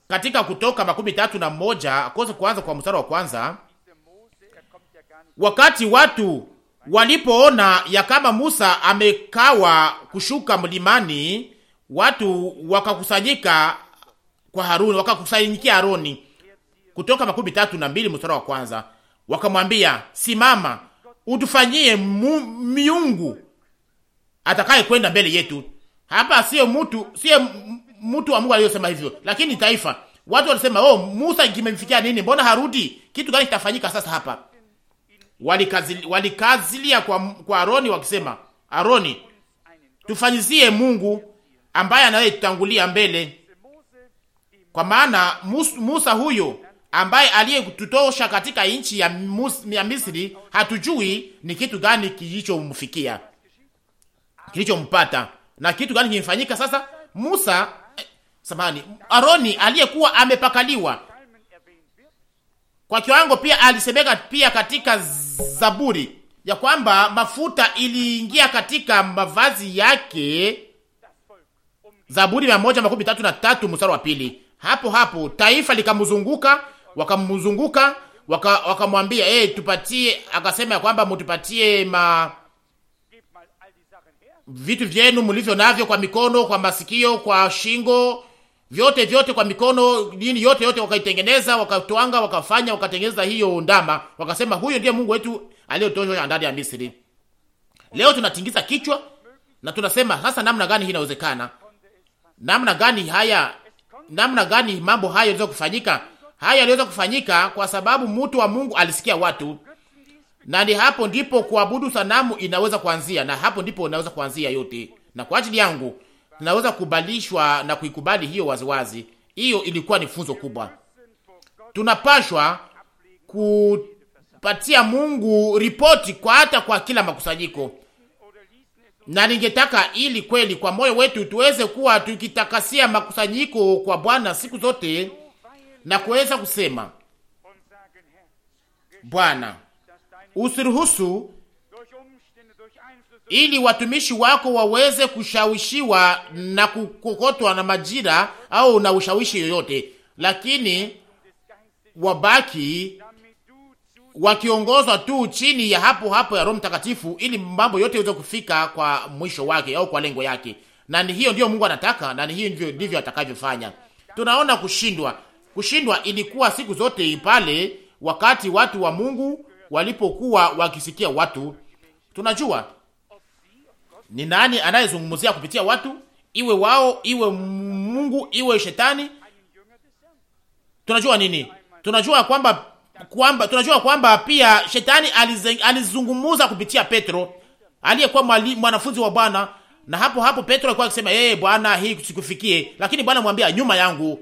katika Kutoka makumi tatu na moja kosa kuanza kwa mstari wa kwanza, wakati watu walipoona ya kama Musa amekawa kushuka mlimani, watu wakakusanyika kwa Haruni, wakakusanyikia Haruni. Kutoka makumi tatu na mbili mstari wa kwanza, wakamwambia simama, utufanyie miungu atakaye kwenda mbele yetu. Hapa sio mtu, sio mtu wa Mungu aliyosema hivyo, lakini taifa. Watu walisema oh, Musa kimemfikia nini? Mbona harudi? Kitu gani kitafanyika sasa hapa? Walikazilia, walikazilia kwa kwa Aroni wakisema, Aroni tufanyizie Mungu ambaye anaye tutangulia mbele kwa maana Musa huyo ambaye aliyetutosha katika nchi ya, ya Misri hatujui ni kitu gani kilichomfikia kilichompata na kitu gani kimefanyika. Sasa Musa eh, samani Aroni aliyekuwa amepakaliwa kwa kiwango, pia alisemeka pia katika Zaburi ya kwamba mafuta iliingia katika mavazi yake, Zaburi 133 mstari wa pili. Hapo hapo taifa likamzunguka, wakamzunguka, wakamwambia waka, hey, tupatie. Akasema ya kwamba mtupatie ma vitu vyenu mlivyo navyo, kwa mikono, kwa masikio, kwa shingo, vyote vyote, kwa mikono, nini, yote yote. Wakaitengeneza, wakatwanga, wakafanya, wakatengeneza hiyo ndama, wakasema huyo ndiye Mungu wetu aliyotosha ndani ya Misri. Leo tunatingiza kichwa na tunasema sasa, namna gani hii inawezekana? Namna gani haya namna gani mambo hayo yaliweza kufanyika? Hayo yaliweza kufanyika kwa sababu mtu wa Mungu alisikia watu, na ni hapo ndipo kuabudu sanamu inaweza kuanzia, na hapo ndipo inaweza kuanzia yote. Na kwa ajili yangu tunaweza kukubalishwa na kuikubali hiyo waziwazi. Hiyo ilikuwa ni funzo kubwa. Tunapashwa kupatia Mungu ripoti kwa hata kwa kila makusanyiko na ningetaka ili kweli kwa moyo wetu tuweze kuwa tukitakasia makusanyiko kwa Bwana siku zote na kuweza kusema Bwana, usiruhusu ili watumishi wako waweze kushawishiwa na kukokotwa na majira au na ushawishi yoyote, lakini wabaki wakiongozwa tu chini ya hapo hapo ya Roho Mtakatifu, ili mambo yote yaweze kufika kwa mwisho wake au kwa lengo yake. Na ni hiyo ndiyo Mungu anataka, na ni hiyo ndivyo ndivyo atakavyofanya. Tunaona kushindwa, kushindwa ilikuwa siku zote pale wakati watu wa Mungu walipokuwa wakisikia watu. Tunajua ni nani anayezungumzia kupitia watu, iwe wao, iwe Mungu, iwe shetani. Tunajua nini? Tunajua kwamba kwamba tunajua kwamba pia shetani alizungumuza kupitia Petro aliyekuwa mwanafunzi wa Bwana, na hapo hapo Petro alikuwa akisema yeye, Bwana, hii sikufikie, lakini Bwana mwambia nyuma yangu.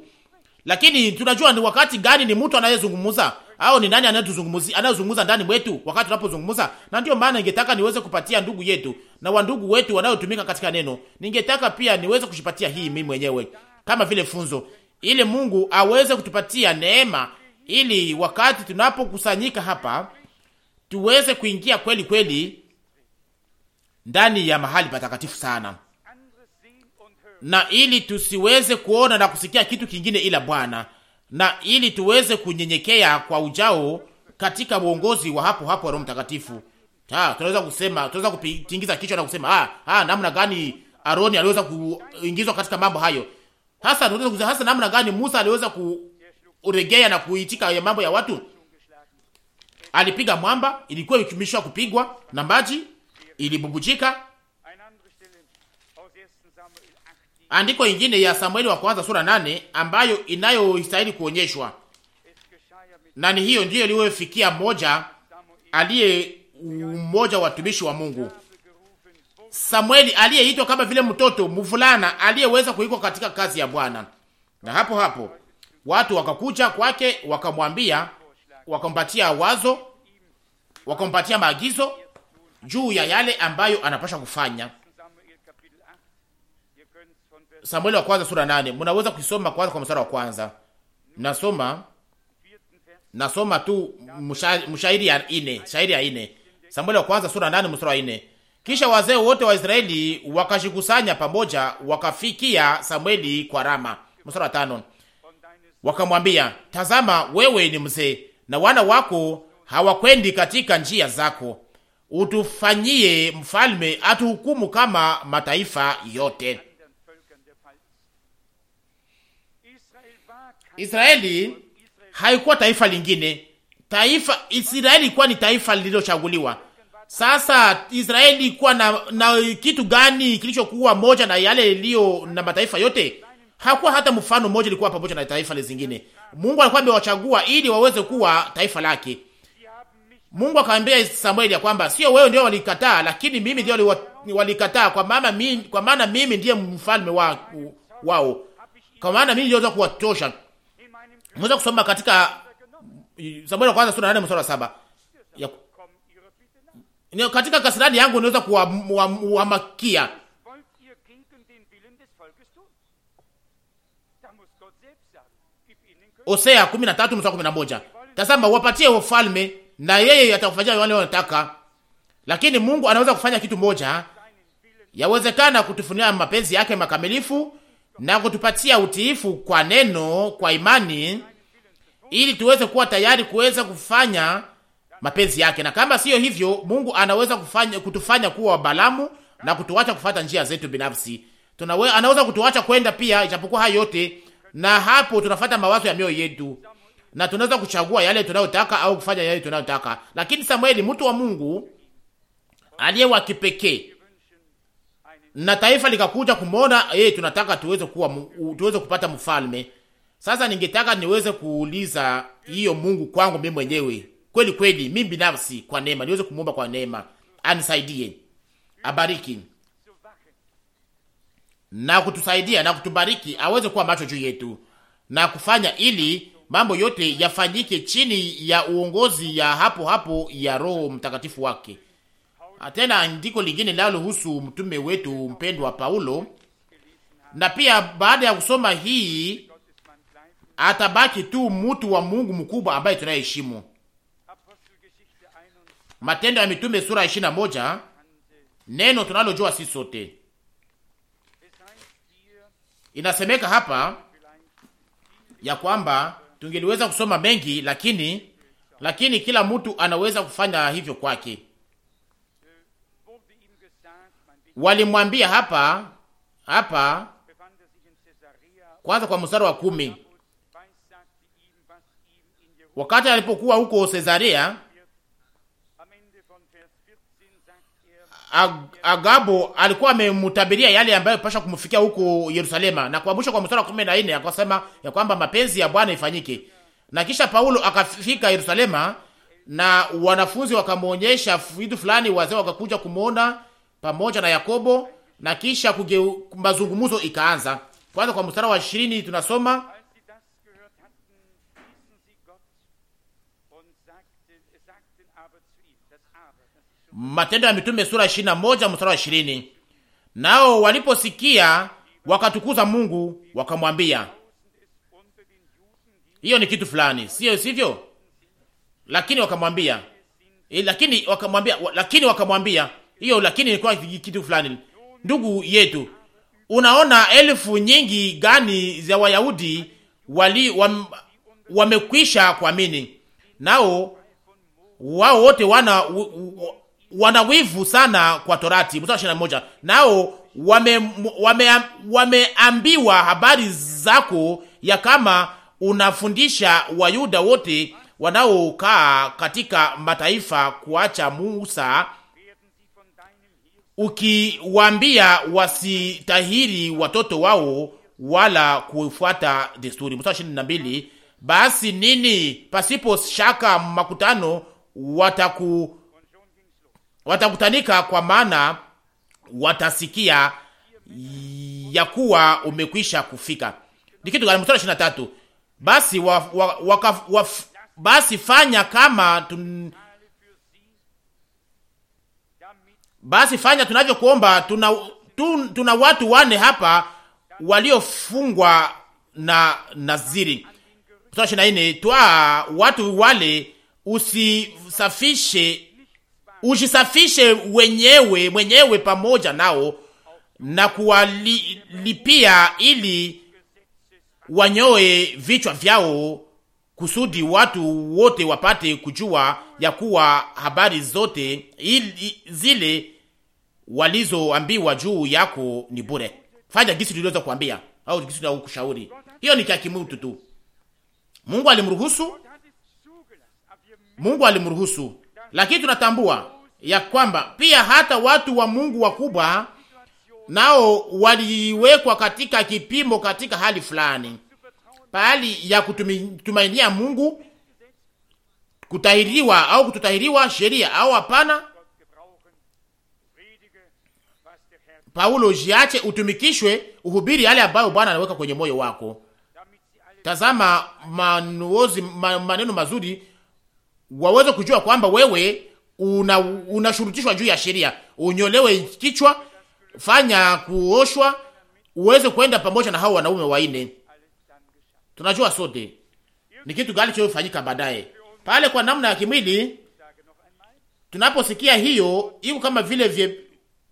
Lakini tunajua ni wakati gani ni mtu anayezungumuza au ni nani anayetuzungumzia anayezungumza ndani mwetu wakati tunapozungumza. Na ndio maana ningetaka niweze kupatia ndugu yetu na wandugu wetu wanayotumika katika neno, ningetaka pia niweze kushipatia hii mimi mwenyewe kama vile funzo, ili Mungu aweze kutupatia neema ili wakati tunapokusanyika hapa tuweze kuingia kweli kweli ndani ya mahali patakatifu sana, na ili tusiweze kuona na kusikia kitu kingine ila Bwana, na ili tuweze kunyenyekea kwa ujao katika uongozi wa hapo hapo wa Roho Mtakatifu. Ta, tunaweza kusema tunaweza kutingiza kichwa na kusema ah, ha, ah, namna gani Aroni aliweza kuingizwa katika mambo hayo hasa. Tunaweza kusema hasa namna gani Musa aliweza ku uregea na kuitika ya mambo ya watu. Alipiga mwamba, ilikuwa ikimishwa kupigwa na maji ilibubujika. Andiko ingine ya Samueli wa kwanza sura nane ambayo inayostahili kuonyeshwa na ni hiyo ndiyo iliyofikia moja aliye mmoja watumishi wa Mungu, Samueli aliyeitwa kama vile mtoto mvulana aliyeweza kuikwa katika kazi ya Bwana, na hapo hapo Watu wakakuja kwake, wakamwambia, wakampatia wazo, wakampatia maagizo juu ya yale ambayo anapasha kufanya. Samueli wa kwanza sura nane munaweza kusoma kwanza kwa mstari wa kwanza. Nasoma nasoma tu mshairi ya ine, shairi ya ine. Samueli wa kwanza sura nane mstari wa ine. Kisha wazee wote wa Israeli wakashikusanya pamoja, wakafikia Samueli kwa Rama. Mstari wa tano wakamwambia, tazama, wewe ni mzee na wana wako hawakwendi katika njia zako, utufanyie mfalme atuhukumu kama mataifa yote. Israeli haikuwa taifa lingine, taifa Israeli ilikuwa ni taifa lililochaguliwa. Sasa Israeli ilikuwa na, na kitu gani kilichokuwa moja na yale iliyo na mataifa yote? hakuwa hata mfano mmoja ilikuwa pamoja na taifa zingine. Mungu alikuwa amewachagua ili waweze kuwa taifa lake. Mungu akamwambia Samueli ya kwamba sio wewe ndio walikataa, lakini mimi ndio walikataa, kwa maana mimi, kwa maana mimi ndiye mfalme wa, wao, kwa maana mimi ndio kuwatosha. Mweza kusoma katika Samueli kwanza sura 8 mstari wa 7 ya, katika kasirani yangu niweza kuwahamakia Hosea 13 mstari 11, tazama wapatie ufalme na yeye atakufanyia wale wanataka. Lakini Mungu anaweza kufanya kitu moja, yawezekana kutufunia mapenzi yake makamilifu na kutupatia utiifu kwa neno, kwa imani, ili tuweze kuwa tayari kuweza kufanya mapenzi yake. Na kama sio hivyo, Mungu anaweza kufanya kutufanya kuwa Balamu na kutuacha kufata njia zetu binafsi. Tunawe anaweza kutuacha kwenda pia, ijapokuwa hayo yote na hapo tunafata mawazo ya mioyo yetu na tunaweza kuchagua yale tunayotaka au kufanya yale tunayotaka. Lakini Samueli, mtu wa Mungu aliye wa kipekee, na taifa likakuja kumwona yeye, tunataka tuweze kuwa tuweze kupata mfalme. Sasa ningetaka niweze kuuliza hiyo Mungu kwangu mimi mwenyewe kweli kweli, mimi binafsi, kwa neema niweze kumwomba kwa neema anisaidie, abariki na kutusaidia na kutubariki, aweze kuwa macho juu yetu na kufanya ili mambo yote yafanyike chini ya uongozi ya hapo hapo ya Roho Mtakatifu wake. Ah, tena andiko lingine linalohusu mtume wetu mpendwa Paulo, na pia baada ya kusoma hii atabaki tu mtu wa Mungu mkubwa ambaye tunayeheshimu. Matendo ya Mitume sura 21, neno tunalojua sisi sote Inasemeka hapa ya kwamba tungeliweza kusoma mengi, lakini lakini kila mtu anaweza kufanya hivyo kwake. Walimwambia hapa hapa kwanza, kwa mstari wa kumi, wakati alipokuwa huko Cesarea Ag Agabo alikuwa amemtabiria yale ambayo pasha kumfikia huko Yerusalema, na kuambusha kwa mstari wa 14 akasema ya kwamba mapenzi ya Bwana ifanyike. Na kisha Paulo akafika Yerusalema na wanafunzi wakamwonyesha vitu fulani, wazee wakakuja kumwona pamoja na Yakobo, na kisha kuge mazungumzo ikaanza. Kwanza kwa mstari wa 20 tunasoma Matendo ya Mitume sura 21 mstari wa 20. Nao waliposikia wakatukuza Mungu wakamwambia, hiyo ni kitu fulani, sio sivyo? Lakini wakamwambia e, lakini wakamwambia, lakini wakamwambia hiyo, lakini ilikuwa kitu fulani. Ndugu yetu, unaona elfu nyingi gani za Wayahudi wali wam, wamekwisha kuamini, nao wao wote wana u, u, wana wivu sana kwa Torati, mstari ishirini na moja. Nao wameambiwa wame habari zako ya kama unafundisha Wayuda wote wanaokaa katika mataifa kuacha Musa, ukiwaambia wasitahiri watoto wao wala kufuata desturi. Mstari ishirini na mbili. Basi nini pasipo shaka makutano wataku watakutanika, kwa maana watasikia ya kuwa umekwisha kufika. Ni kitu gani? Mstari 23, basi wa, wa, waka, wa, basi fanya kama tun... basi fanya tunavyokuomba. Tuna, tun, tuna watu wane hapa waliofungwa na naziri. Mstari 24, twaa watu wale usisafishe ujisafishe wenyewe mwenyewe pamoja nao na kuwalipia ili wanyoe vichwa vyao, kusudi watu wote wapate kujua ya kuwa habari zote ili zile walizoambiwa juu yako ni bure. Fanya gisi tuliweza kuambia au gisi tuliweza kushauri. Hiyo ni kia kimutu tu. Mungu alimruhusu, Mungu alimruhusu, lakini tunatambua ya kwamba pia hata watu wa Mungu wakubwa nao waliwekwa katika kipimo, katika hali fulani, pahali ya kutumainia Mungu, kutahiriwa au kututahiriwa sheria au hapana. Paulo, jiache utumikishwe, uhubiri yale ambayo Bwana anaweka kwenye moyo wako. Tazama manuozi, maneno mazuri, waweze kujua kwamba wewe unashurutishwa una juu ya sheria, unyolewe kichwa, fanya kuoshwa, uweze kwenda pamoja na hao wanaume waine. Tunajua sote ni kitu gani kinachofanyika baadaye pale kwa namna ya kimwili. Tunaposikia hiyo iko kama vile vye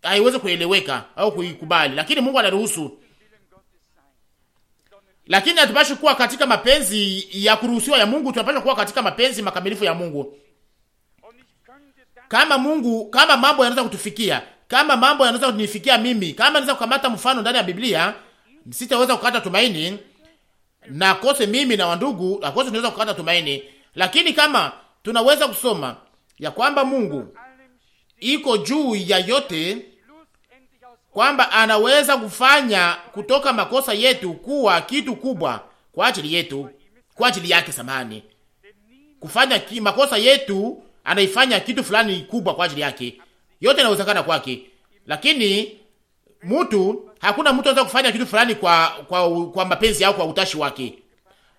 haiwezi kueleweka au kuikubali, lakini Mungu anaruhusu. Lakini hatupashi kuwa katika mapenzi ya kuruhusiwa ya Mungu, tunapaswa kuwa katika mapenzi makamilifu ya Mungu kama Mungu, kama mambo yanaweza kutufikia, kama mambo yanaweza kunifikia mimi, kama naweza kukamata mfano ndani ya Biblia, sitaweza kukata tumaini na kose mimi na wandugu na kose tunaweza kukata tumaini, lakini kama tunaweza kusoma ya kwamba Mungu iko juu ya yote, kwamba anaweza kufanya kutoka makosa yetu kuwa kitu kubwa kwa ajili yetu, kwa ajili yake, samani kufanya ki, makosa yetu anaifanya kitu fulani kubwa kwa ajili yake. Yote inawezekana kwake, lakini mtu, hakuna mtu anaweza kufanya kitu fulani kwa kwa, kwa mapenzi au kwa utashi wake.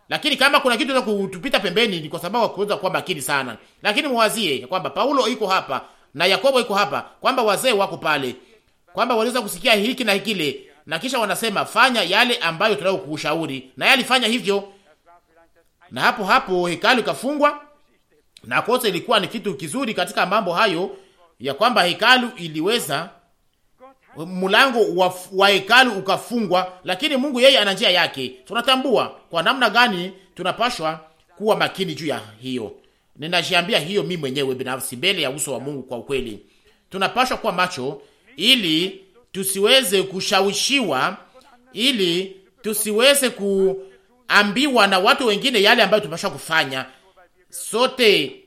Lakini kama kuna kitu tunaweza kutupita pembeni, ni kwa sababu kuweza kuwa makini sana. Lakini mwazie kwamba Paulo iko hapa na Yakobo iko hapa, kwamba wazee wako pale, kwamba waliweza kusikia hiki na kile, na kisha wanasema fanya yale ambayo tunayokushauri, na yeye alifanya hivyo, na hapo hapo hekalu ikafungwa na kosa ilikuwa ni kitu kizuri katika mambo hayo, ya kwamba hekalu iliweza mlango wa, wa hekalu ukafungwa, lakini Mungu yeye ana njia yake. Tunatambua kwa namna gani tunapashwa kuwa makini juu ya hiyo. Ninajiambia hiyo mimi mwenyewe binafsi mbele ya uso wa Mungu. Kwa ukweli, tunapashwa kuwa macho ili tusiweze kushawishiwa, ili tusiweze kuambiwa na watu wengine yale ambayo tunapashwa kufanya, sote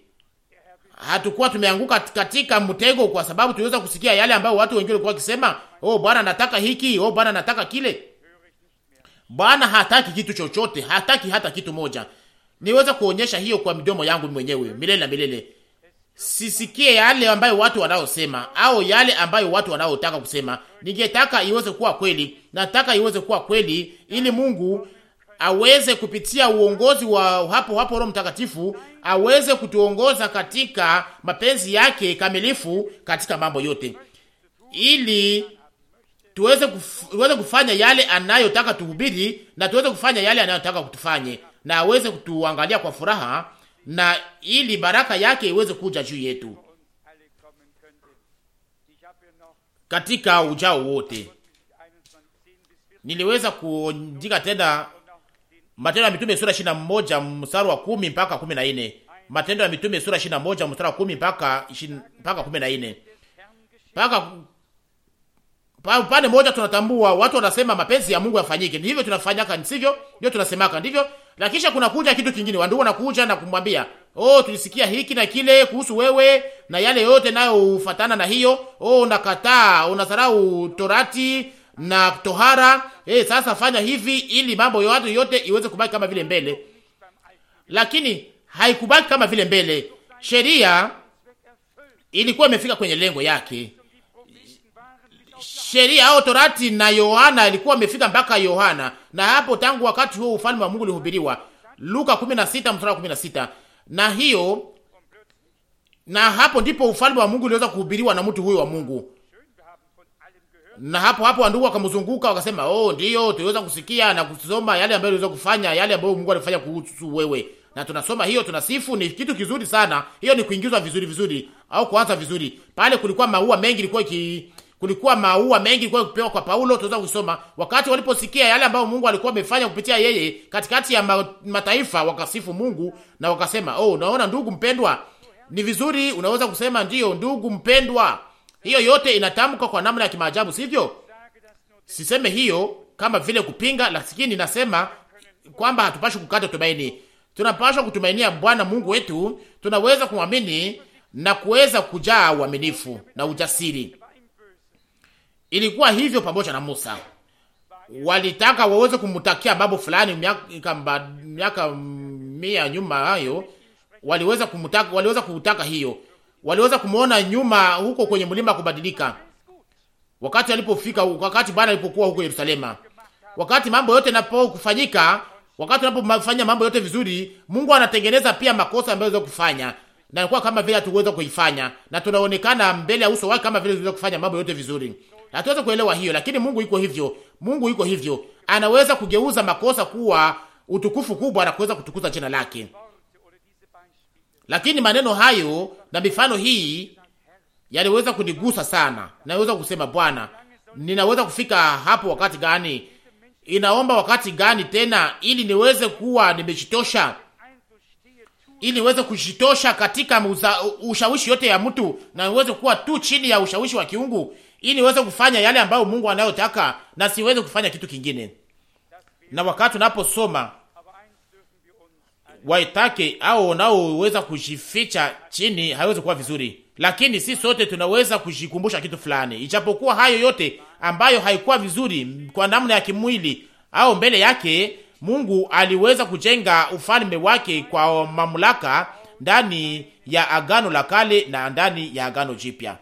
hatukuwa tumeanguka katika mtego, kwa sababu tuliweza kusikia yale ambayo watu wengine walikuwa wakisema, oh, Bwana nataka hiki, oh, Bwana nataka kile. Bwana hataki kitu chochote, hataki hata kitu moja. Niweza kuonyesha hiyo kwa midomo yangu mwenyewe milele na milele. Sisikie yale ambayo watu wanaosema au yale ambayo watu wanaotaka kusema. Ningetaka iweze kuwa kweli, nataka iweze kuwa kweli, ili Mungu aweze kupitia uongozi wa hapo hapo Roho Mtakatifu aweze kutuongoza katika mapenzi yake kamilifu katika mambo yote, ili tuweze kuf, tuweze kufanya yale anayotaka tuhubiri na tuweze kufanya yale anayotaka kutufanye, na aweze kutuangalia kwa furaha, na ili baraka yake iweze kuja juu yetu katika ujao wote. Niliweza kuandika tena Matendo ya Mitume sura moja mstari wa kumi mpaka kumi na 14. Matendo ya Mitume sura moja mstari wa kumi mpaka mpaka kumi na 14. Mpaka pa upande moja tunatambua watu wanasema mapenzi ya Mungu yafanyike. Ndivyo tunafanyaka, sivyo? Ndio tunasemaka, ndivyo? Na kisha kuna kuja kitu kingine. Wandugu wanakuja na kumwambia, "Oh, tulisikia hiki na kile kuhusu wewe na yale yote nayo ufatana na hiyo. Oh, unakataa, unasarau Torati, na tohara. Hey, eh, sasa fanya hivi ili mambo yote yote iweze kubaki kama vile mbele, lakini haikubaki kama vile mbele. Sheria ilikuwa imefika kwenye lengo yake. Sheria au torati na Yohana ilikuwa imefika mpaka Yohana, na hapo tangu wakati huo ufalme wa Mungu ulihubiriwa, Luka 16 mstari wa 16. Na hiyo na hapo ndipo ufalme wa Mungu uliweza kuhubiriwa na mtu huyo wa Mungu na hapo hapo wandugu wakamzunguka wakasema, oh, ndiyo tuliweza kusikia na kusoma yale ambayo uliweza kufanya, yale ambayo Mungu alifanya kuhusu wewe, na tunasoma hiyo, tunasifu. Ni kitu kizuri sana, hiyo ni kuingizwa vizuri vizuri au kuanza vizuri. Pale kulikuwa maua mengi, ilikuwa iki kulikuwa maua mengi kwa kupewa kwa Paulo, tuweza kusoma wakati waliposikia yale ambayo Mungu alikuwa amefanya kupitia yeye katikati ya mataifa, wakasifu Mungu na wakasema, oh, unaona ndugu mpendwa, ni vizuri, unaweza kusema ndiyo, ndugu mpendwa hiyo yote inatamkwa kwa namna ya kimaajabu, sivyo? Siseme hiyo kama vile kupinga, lakini nasema kwamba hatupashi kukata tumaini. Tunapashwa kutumainia Bwana Mungu wetu, tunaweza kumwamini na kuweza kujaa uaminifu na ujasiri. Ilikuwa hivyo pamoja na Musa, walitaka waweze kumtakia mambo fulani miaka miaka mia nyuma hayo, waliweza kumtaka, waliweza kutaka hiyo, waliweza kumwona nyuma huko kwenye mlima kubadilika, wakati alipofika, wakati Bwana alipokuwa huko Yerusalema, wakati mambo yote yanapokufanyika, wakati unapofanya mambo yote vizuri, Mungu anatengeneza pia makosa ambayo unaweza kufanya na inakuwa kama vile hatuweza kuifanya, na tunaonekana mbele ya uso wake kama vile tunaweza kufanya mambo yote vizuri. Hatuweza kuelewa hiyo, lakini Mungu yuko hivyo. Mungu yuko hivyo, anaweza kugeuza makosa kuwa utukufu kubwa na kuweza kutukuza jina lake. Lakini maneno hayo na mifano hii yaliweza kunigusa sana. Naweza kusema Bwana, ninaweza kufika hapo wakati gani? Inaomba wakati gani tena ili niweze kuwa nimejitosha, ili niweze kujitosha katika muza, ushawishi yote ya mtu na niweze kuwa tu chini ya ushawishi wa kiungu, ili niweze kufanya yale ambayo Mungu anayotaka na siweze kufanya kitu kingine. Na wakati unaposoma waitake au wanaoweza kujificha chini, haiwezi kuwa vizuri, lakini si sote tunaweza kujikumbusha kitu fulani, ijapokuwa hayo yote ambayo haikuwa vizuri kwa namna ya kimwili au mbele yake Mungu aliweza kujenga ufalme wake kwa mamlaka ndani ya Agano la Kale na ndani ya Agano Jipya.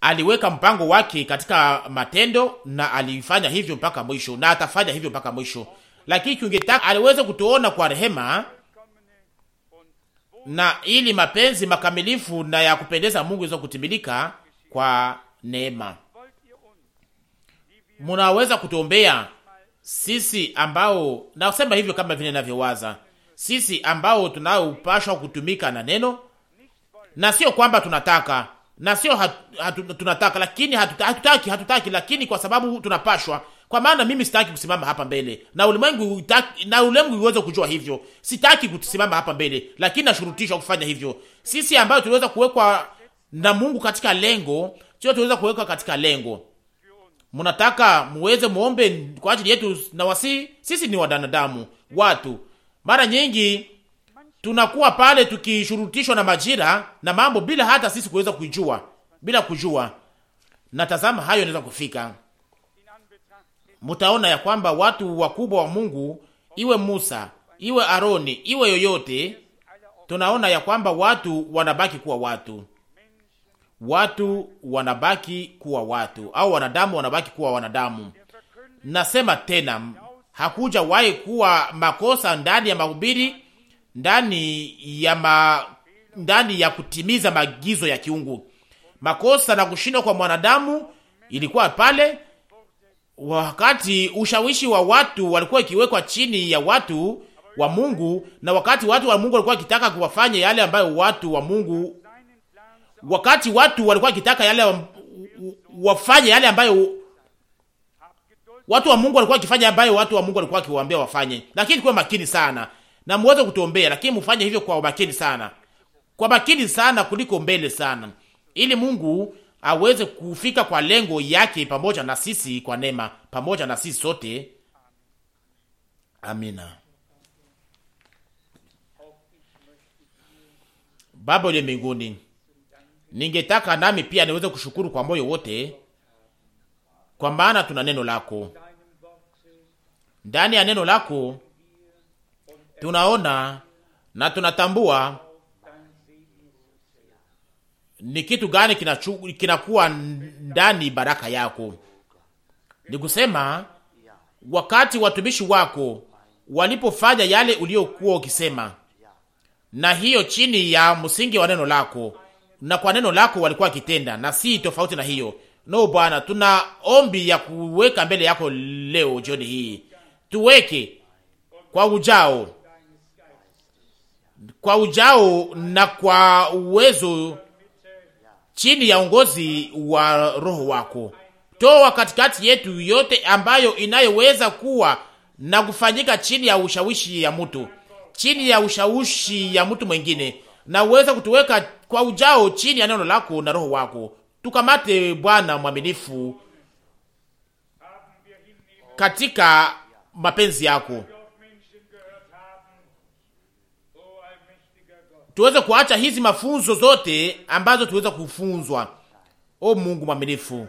Aliweka mpango wake katika matendo na alifanya hivyo mpaka mwisho na atafanya hivyo mpaka mwisho lakini kingetaka aliweza kutuona kwa rehema na ili mapenzi makamilifu na ya kupendeza Mungu iweze kutimilika kwa neema. Munaweza kutuombea sisi ambao, nasema hivyo kama vile ninavyowaza, sisi ambao tunaopashwa kutumika na neno, na sio kwamba tunataka na sio hatu, hatu, tunataka lakini hatutaki, hatutaki, lakini kwa sababu tunapashwa kwa maana mimi sitaki kusimama hapa mbele na ulimwengu na ulimwengu uweze kujua hivyo. Sitaki kusimama hapa mbele, lakini nashurutishwa kufanya hivyo. Sisi ambayo tuliweza kuwekwa na Mungu katika lengo, sio tuweza kuwekwa katika lengo. Mnataka muweze muombe kwa ajili yetu na wasi, sisi ni wadanadamu watu. Mara nyingi tunakuwa pale tukishurutishwa na majira na mambo bila hata sisi kuweza kujua, bila kujua. Natazama hayo inaweza kufika mutaona ya kwamba watu wakubwa wa Mungu, iwe Musa, iwe Aroni, iwe yoyote, tunaona ya kwamba watu wanabaki kuwa watu, watu wanabaki kuwa watu, au wanadamu wanabaki kuwa wanadamu. Nasema tena, hakuja wahi kuwa makosa ndani ya mahubiri, ndani ya ma, ndani ya kutimiza maagizo ya kiungu. Makosa na kushindwa kwa mwanadamu ilikuwa pale wakati ushawishi wa watu walikuwa ikiwekwa chini ya watu wa Mungu, na wakati watu wa Mungu walikuwa wakitaka kuwafanya yale ambayo watu wa Mungu, wakati watu walikuwa wakitaka yale wa, wafanye yale ambayo watu wa Mungu walikuwa wakifanya, ambayo watu wa Mungu walikuwa wakiwaambia wafanye. Lakini kwa makini sana na muweze kutuombea, lakini mfanye hivyo kwa makini sana, kwa makini sana kuliko mbele sana, ili Mungu aweze kufika kwa lengo yake pamoja na sisi kwa neema, pamoja na sisi sote. Amina. Baba uliye mbinguni, ningetaka nami pia niweze kushukuru kwa moyo wote, kwa maana tuna neno lako. Ndani ya neno lako tunaona na tunatambua ni kitu gani kinakuwa ndani baraka yako. Ni kusema wakati watumishi wako walipofanya yale uliokuwa ukisema, na hiyo chini ya msingi wa neno lako, na kwa neno lako walikuwa kitenda, na si tofauti na hiyo. No Bwana, tuna ombi ya kuweka mbele yako leo jioni hii, tuweke kwa ujao, kwa ujao na kwa uwezo chini ya uongozi wa Roho wako. Toa katikati yetu yote ambayo inayoweza kuwa na kufanyika chini ya ushawishi ya mtu, chini ya ushawishi ya mtu mwingine, na uweza kutuweka kwa ujao chini ya neno lako na Roho wako. Tukamate Bwana mwaminifu katika mapenzi yako. tuweze kuacha hizi mafunzo zote ambazo tuweza kufunzwa. O Mungu mwaminifu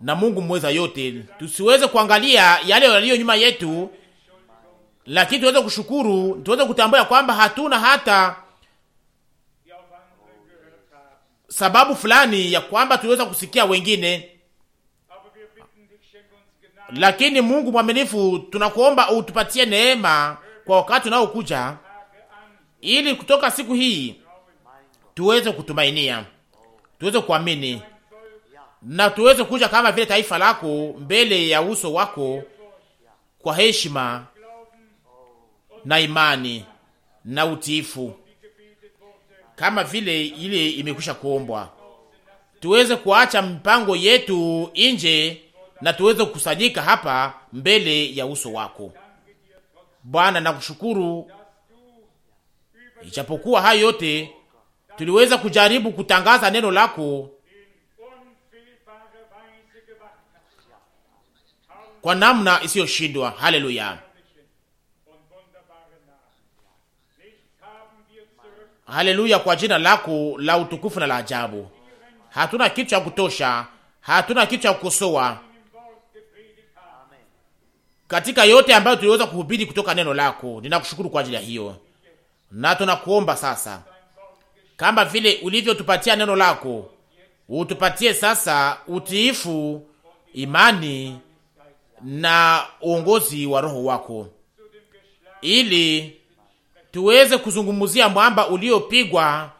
na Mungu mweza yote, tusiweze kuangalia yale yaliyo nyuma yetu, lakini tuweze kushukuru, tuweze kutambua kwamba hatuna hata sababu fulani ya kwamba tuweza kusikia wengine. Lakini Mungu mwaminifu, tunakuomba utupatie neema kwa wakati unaokuja ili kutoka siku hii tuweze kutumainia, tuweze kuamini na tuweze kuja kama vile taifa lako mbele ya uso wako kwa heshima na imani na utiifu, kama vile ile imekwisha kuombwa. Tuweze kuacha mipango yetu nje na tuweze kukusanyika hapa mbele ya uso wako Bwana. Nakushukuru ichapokuwa hayo yote, tuliweza kujaribu kutangaza neno lako kwa namna isiyoshindwa. Haleluya, haleluya, kwa jina lako la utukufu na la ajabu. Hatuna kitu cha kutosha, hatuna kitu cha kukosoa katika yote ambayo tuliweza kuhubiri kutoka neno lako. Ninakushukuru kwa ajili ya hiyo na tunakuomba sasa, kama vile ulivyotupatia neno lako, utupatie sasa utiifu, imani na uongozi wa Roho wako, ili tuweze kuzungumzia mwamba uliopigwa,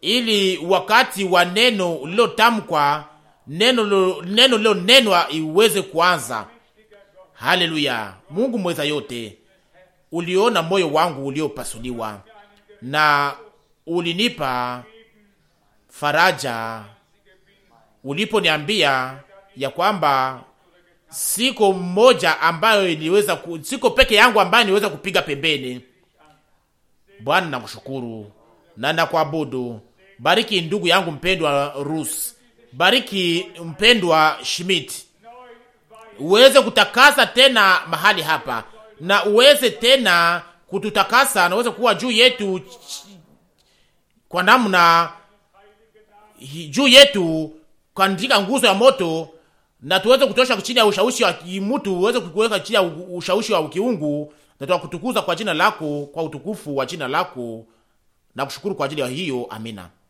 ili wakati wa neno lilotamkwa, neno lilonenwa iweze kuanza. Haleluya! Mungu mweza yote, uliona moyo wangu uliopasuliwa na ulinipa faraja uliponiambia ya kwamba siko mmoja ambayo iliweza ku, siko peke yangu ambayo niweza kupiga pembeni. Bwana, nakushukuru na nakuabudu. Bariki ndugu yangu mpendwa Rus, bariki mpendwa Schmidt, uweze kutakasa tena mahali hapa na uweze tena kututakasa, anaweza kuwa juu yetu kwa namna juu yetu kandika nguzo ya moto, na tuweze kutosha chini ya ushawishi wa kimutu, uweze kuweka chini ya ushawishi wa kiungu, na tuwakutukuza kwa jina lako, kwa utukufu wa jina lako na kushukuru kwa ajili ya hiyo. Amina.